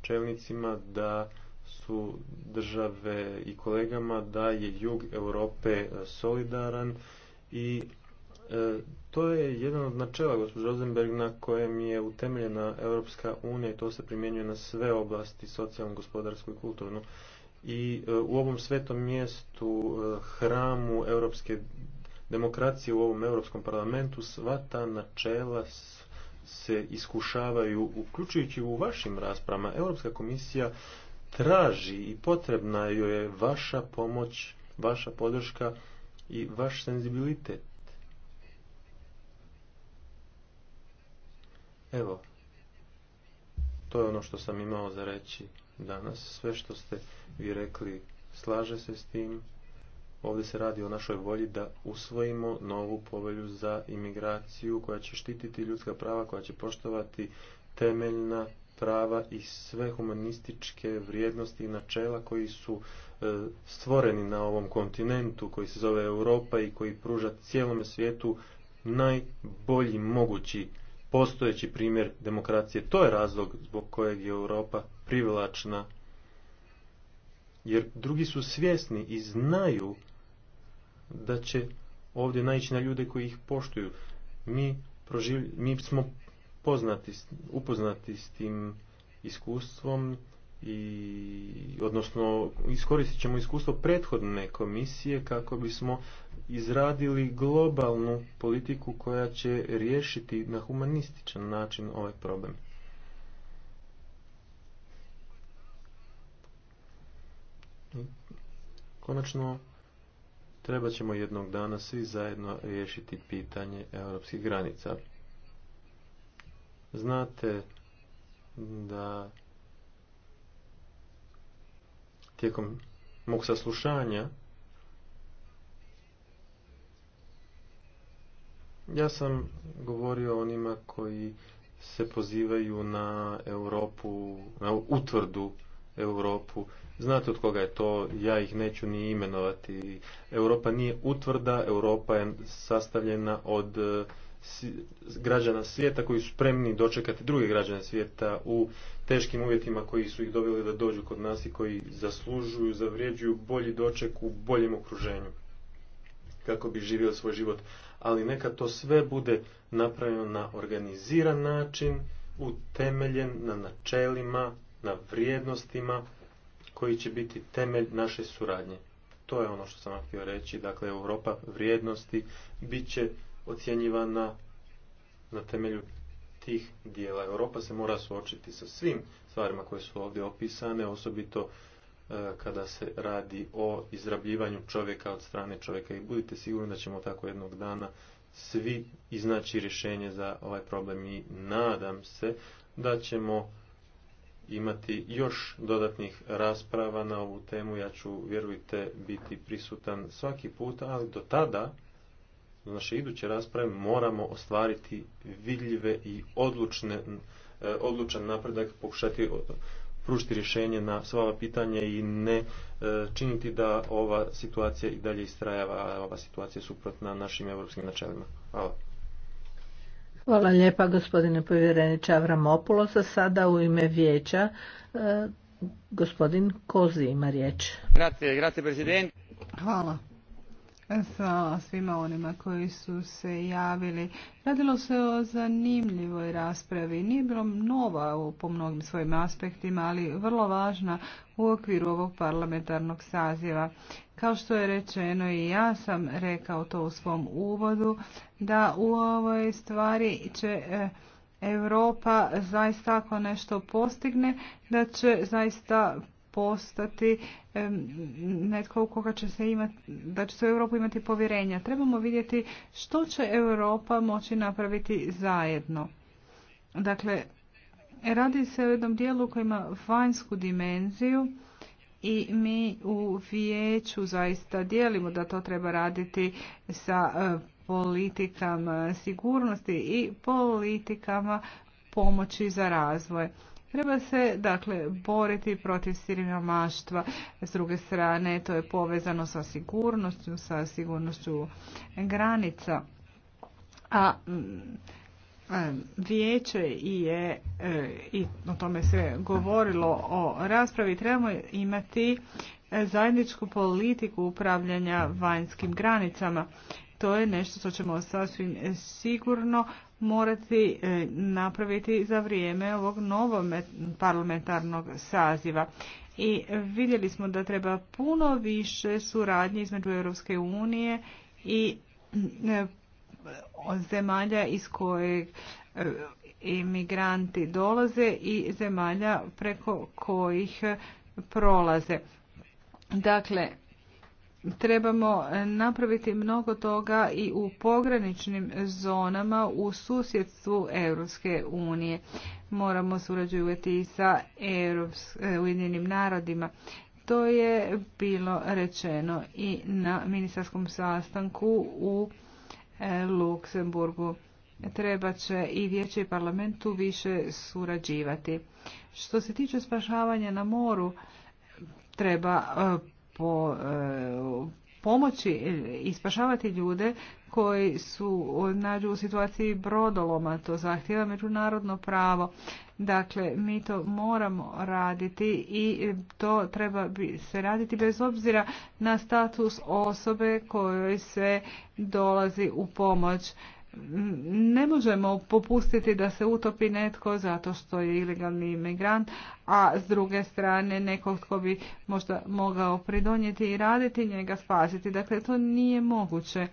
čelnicima da su države i kolegama da je jug Europe solidaran i to je jedan od načela, gospođo Rosenberg, na kojem je utemeljena Europska unija i to se primjenjuje na sve oblasti, socijalno, gospodarsko i kulturno. I e, u ovom svetom mjestu, e, hramu europske demokracije u ovom Europskom parlamentu, sva ta načela se iskušavaju, uključujući u vašim raspravama. Europska komisija traži i potrebna joj je vaša pomoć, vaša podrška i vaš senzibilitet Evo, to je ono što sam imao za reći danas. Sve što ste vi rekli slaže se s tim. Ovdje se radi o našoj volji da usvojimo novu povelju za imigraciju koja će štititi ljudska prava, koja će poštovati temeljna prava i sve humanističke vrijednosti i načela koji su e, stvoreni na ovom kontinentu koji se zove Europa i koji pruža cijelom svijetu najbolji mogući postojeći primjer demokracije. To je razlog zbog kojeg je Europa privlačna, jer drugi su svjesni i znaju da će ovdje naići na ljude koji ih poštuju. Mi, Mi smo poznati, upoznati s tim iskustvom i odnosno iskoristit ćemo iskustvo prethodne komisije kako bismo izradili globalnu politiku koja će riješiti na humanističan način ovaj problem. Konačno, treba ćemo jednog dana svi zajedno riješiti pitanje europskih granica. Znate da tijekom mog saslušanja ja sam govorio onima koji se pozivaju na Europu, na utvrdu Europu. Znate od koga je to, ja ih neću ni imenovati. Europa nije utvrda, Europa je sastavljena od građana svijeta koji su spremni dočekati druge građane svijeta u teškim uvjetima koji su ih dobili da dođu kod nas i koji zaslužuju, zavrijeđuju bolji doček u boljem okruženju kako bi živio svoj život. Ali neka to sve bude napravljeno na organiziran način, utemeljen na načelima, na vrijednostima koji će biti temelj naše suradnje. To je ono što sam vam htio reći. Dakle, Europa vrijednosti bit će ocjenjivana na temelju tih dijela. Europa se mora suočiti sa svim stvarima koje su ovdje opisane, osobito e, kada se radi o izrabljivanju čovjeka od strane čovjeka i budite sigurni da ćemo tako jednog dana svi iznaći rješenje za ovaj problem i nadam se da ćemo imati još dodatnih rasprava na ovu temu. Ja ću, vjerujte, biti prisutan svaki puta, ali do tada naše iduće rasprave moramo ostvariti vidljive i odlučne, e, odlučan napredak, pokušati e, pružiti rješenje na sva ova pitanja i ne e, činiti da ova situacija i dalje istrajava, ova situacija je suprotna našim europskim načelima. Hvala. Hvala lijepa gospodine povjereniče Avramopulo. Za sada u ime vijeća gospodin Kozi ima riječ. Hvala Hvala svima onima koji su se javili. Radilo se o zanimljivoj raspravi. Nije bilo nova po mnogim svojim aspektima, ali vrlo važna u okviru ovog parlamentarnog saziva. Kao što je rečeno i ja sam rekao to u svom uvodu, da u ovoj stvari će eh, Europa zaista ako nešto postigne, da će zaista postati netko u koga će se imati, da će se u Europu imati povjerenja. Trebamo vidjeti što će Europa moći napraviti zajedno. Dakle, radi se o jednom dijelu koji ima vanjsku dimenziju i mi u vijeću zaista dijelimo da to treba raditi sa e, politikama sigurnosti i politikama pomoći za razvoj. Treba se dakle boriti protiv siromaštva. S druge strane, to je povezano sa sigurnošću, sa sigurnošću granica. A mm, vijeće je e, i o tome se govorilo o raspravi trebamo imati zajedničku politiku upravljanja vanjskim granicama. To je nešto što ćemo sasvim sigurno morati e, napraviti za vrijeme ovog novog parlamentarnog saziva. I vidjeli smo da treba puno više suradnje između Europske unije i e, zemalja iz kojeg e, imigranti dolaze i zemalja preko kojih prolaze. Dakle, trebamo e, napraviti mnogo toga i u pograničnim zonama u susjedstvu Europske unije. Moramo surađivati i sa e, Ujedinjenim narodima. To je bilo rečeno i na ministarskom sastanku u e, Luksemburgu. Treba će i vijeće i parlamentu više surađivati. Što se tiče spašavanja na moru, treba po, e, pomoći i spašavati ljude koji su nađu u situaciji brodoloma. To zahtjeva međunarodno pravo. Dakle, mi to moramo raditi i to treba se raditi bez obzira na status osobe kojoj se dolazi u pomoć ne možemo popustiti da se utopi netko zato što je ilegalni imigrant, a s druge strane nekog tko bi možda mogao pridonijeti i raditi njega spasiti. Dakle, to nije moguće.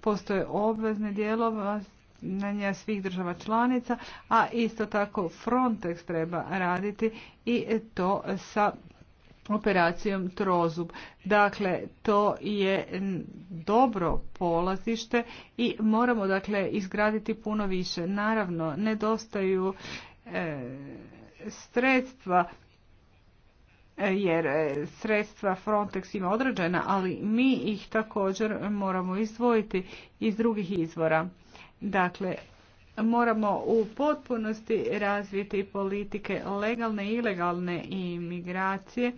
Postoje obvezne dijelova na svih država članica, a isto tako Frontex treba raditi i to sa operacijom Trozub. Dakle, to je dobro polazište i moramo dakle izgraditi puno više. Naravno, nedostaju e, sredstva e, jer e, sredstva Frontex ima određena, ali mi ih također moramo izdvojiti iz drugih izvora. Dakle, moramo u potpunosti razviti politike legalne i ilegalne imigracije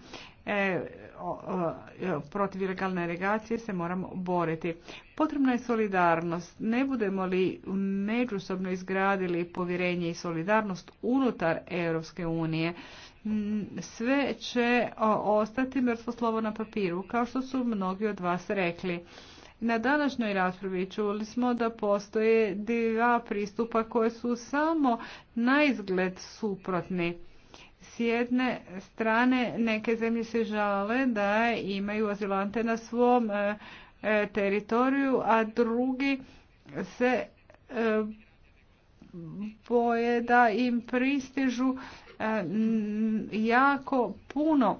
e, protiv ilegalne regacije se moramo boriti. Potrebna je solidarnost. Ne budemo li međusobno izgradili povjerenje i solidarnost unutar Europske unije, sve će ostati mrtvo slovo na papiru, kao što su mnogi od vas rekli. Na današnjoj raspravi čuli smo da postoje dva pristupa koje su samo na izgled suprotni. S jedne strane neke zemlje se žale da imaju azilante na svom e, e, teritoriju, a drugi se e, boje da im pristižu jako puno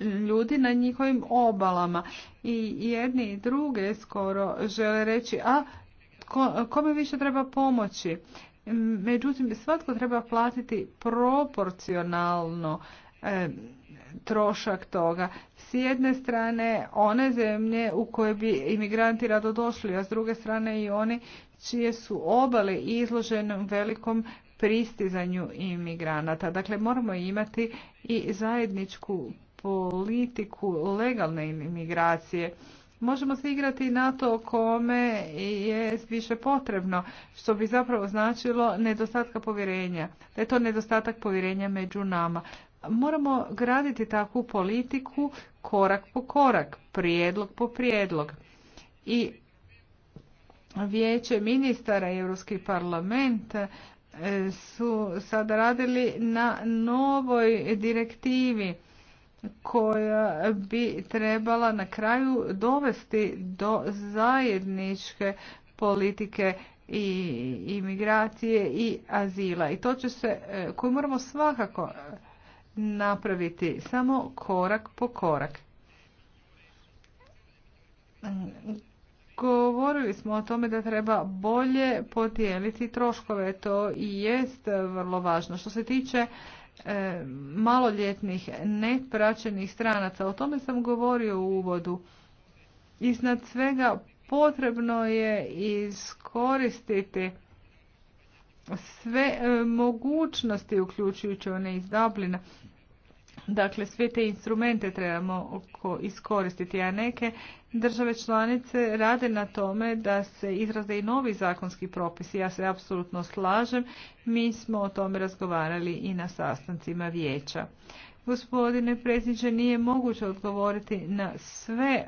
ljudi na njihovim obalama. I jedni i druge skoro žele reći, a kome više treba pomoći? Međutim, svatko treba platiti proporcionalno e, trošak toga. S jedne strane one zemlje u koje bi imigranti rado došli, a s druge strane i oni čije su obale izložene velikom pristizanju imigranata. Dakle, moramo imati i zajedničku politiku legalne imigracije. Možemo se igrati na to kome je više potrebno, što bi zapravo značilo nedostatka povjerenja, da je to nedostatak povjerenja među nama. Moramo graditi takvu politiku korak po korak, prijedlog po prijedlog. I vijeće ministara i Europski parlament e, su sada radili na novoj direktivi koja bi trebala na kraju dovesti do zajedničke politike i imigracije i azila. I to će se, e, koju moramo svakako e, napraviti samo korak po korak. Govorili smo o tome da treba bolje podijeliti troškove, to i jest vrlo važno. Što se tiče E, maloljetnih nepraćenih stranaca. O tome sam govorio u uvodu. Iznad svega potrebno je iskoristiti sve e, mogućnosti uključujući one iz Dublina. Dakle, sve te instrumente trebamo iskoristiti, a neke Države članice rade na tome da se izrade i novi zakonski propisi. Ja se apsolutno slažem. Mi smo o tome razgovarali i na sastancima vijeća. Gospodine predsjedniče, nije moguće odgovoriti na sve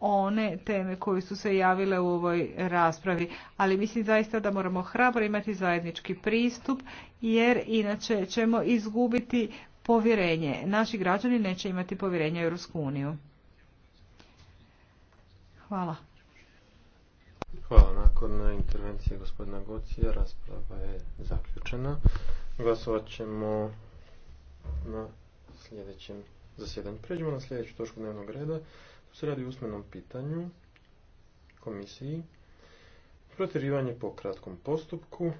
one teme koje su se javile u ovoj raspravi, ali mislim zaista da moramo hrabro imati zajednički pristup jer inače ćemo izgubiti povjerenje. Naši građani neće imati povjerenje u Europsku uniju. Hvala. Hvala. Nakon intervencije gospodina Gocija rasprava je zaključena. Glasovat ćemo na sljedećem zasjedanju. Pređemo na sljedeću točku dnevnog reda. u se radi usmenom pitanju komisiji. Protjerivanje po kratkom postupku.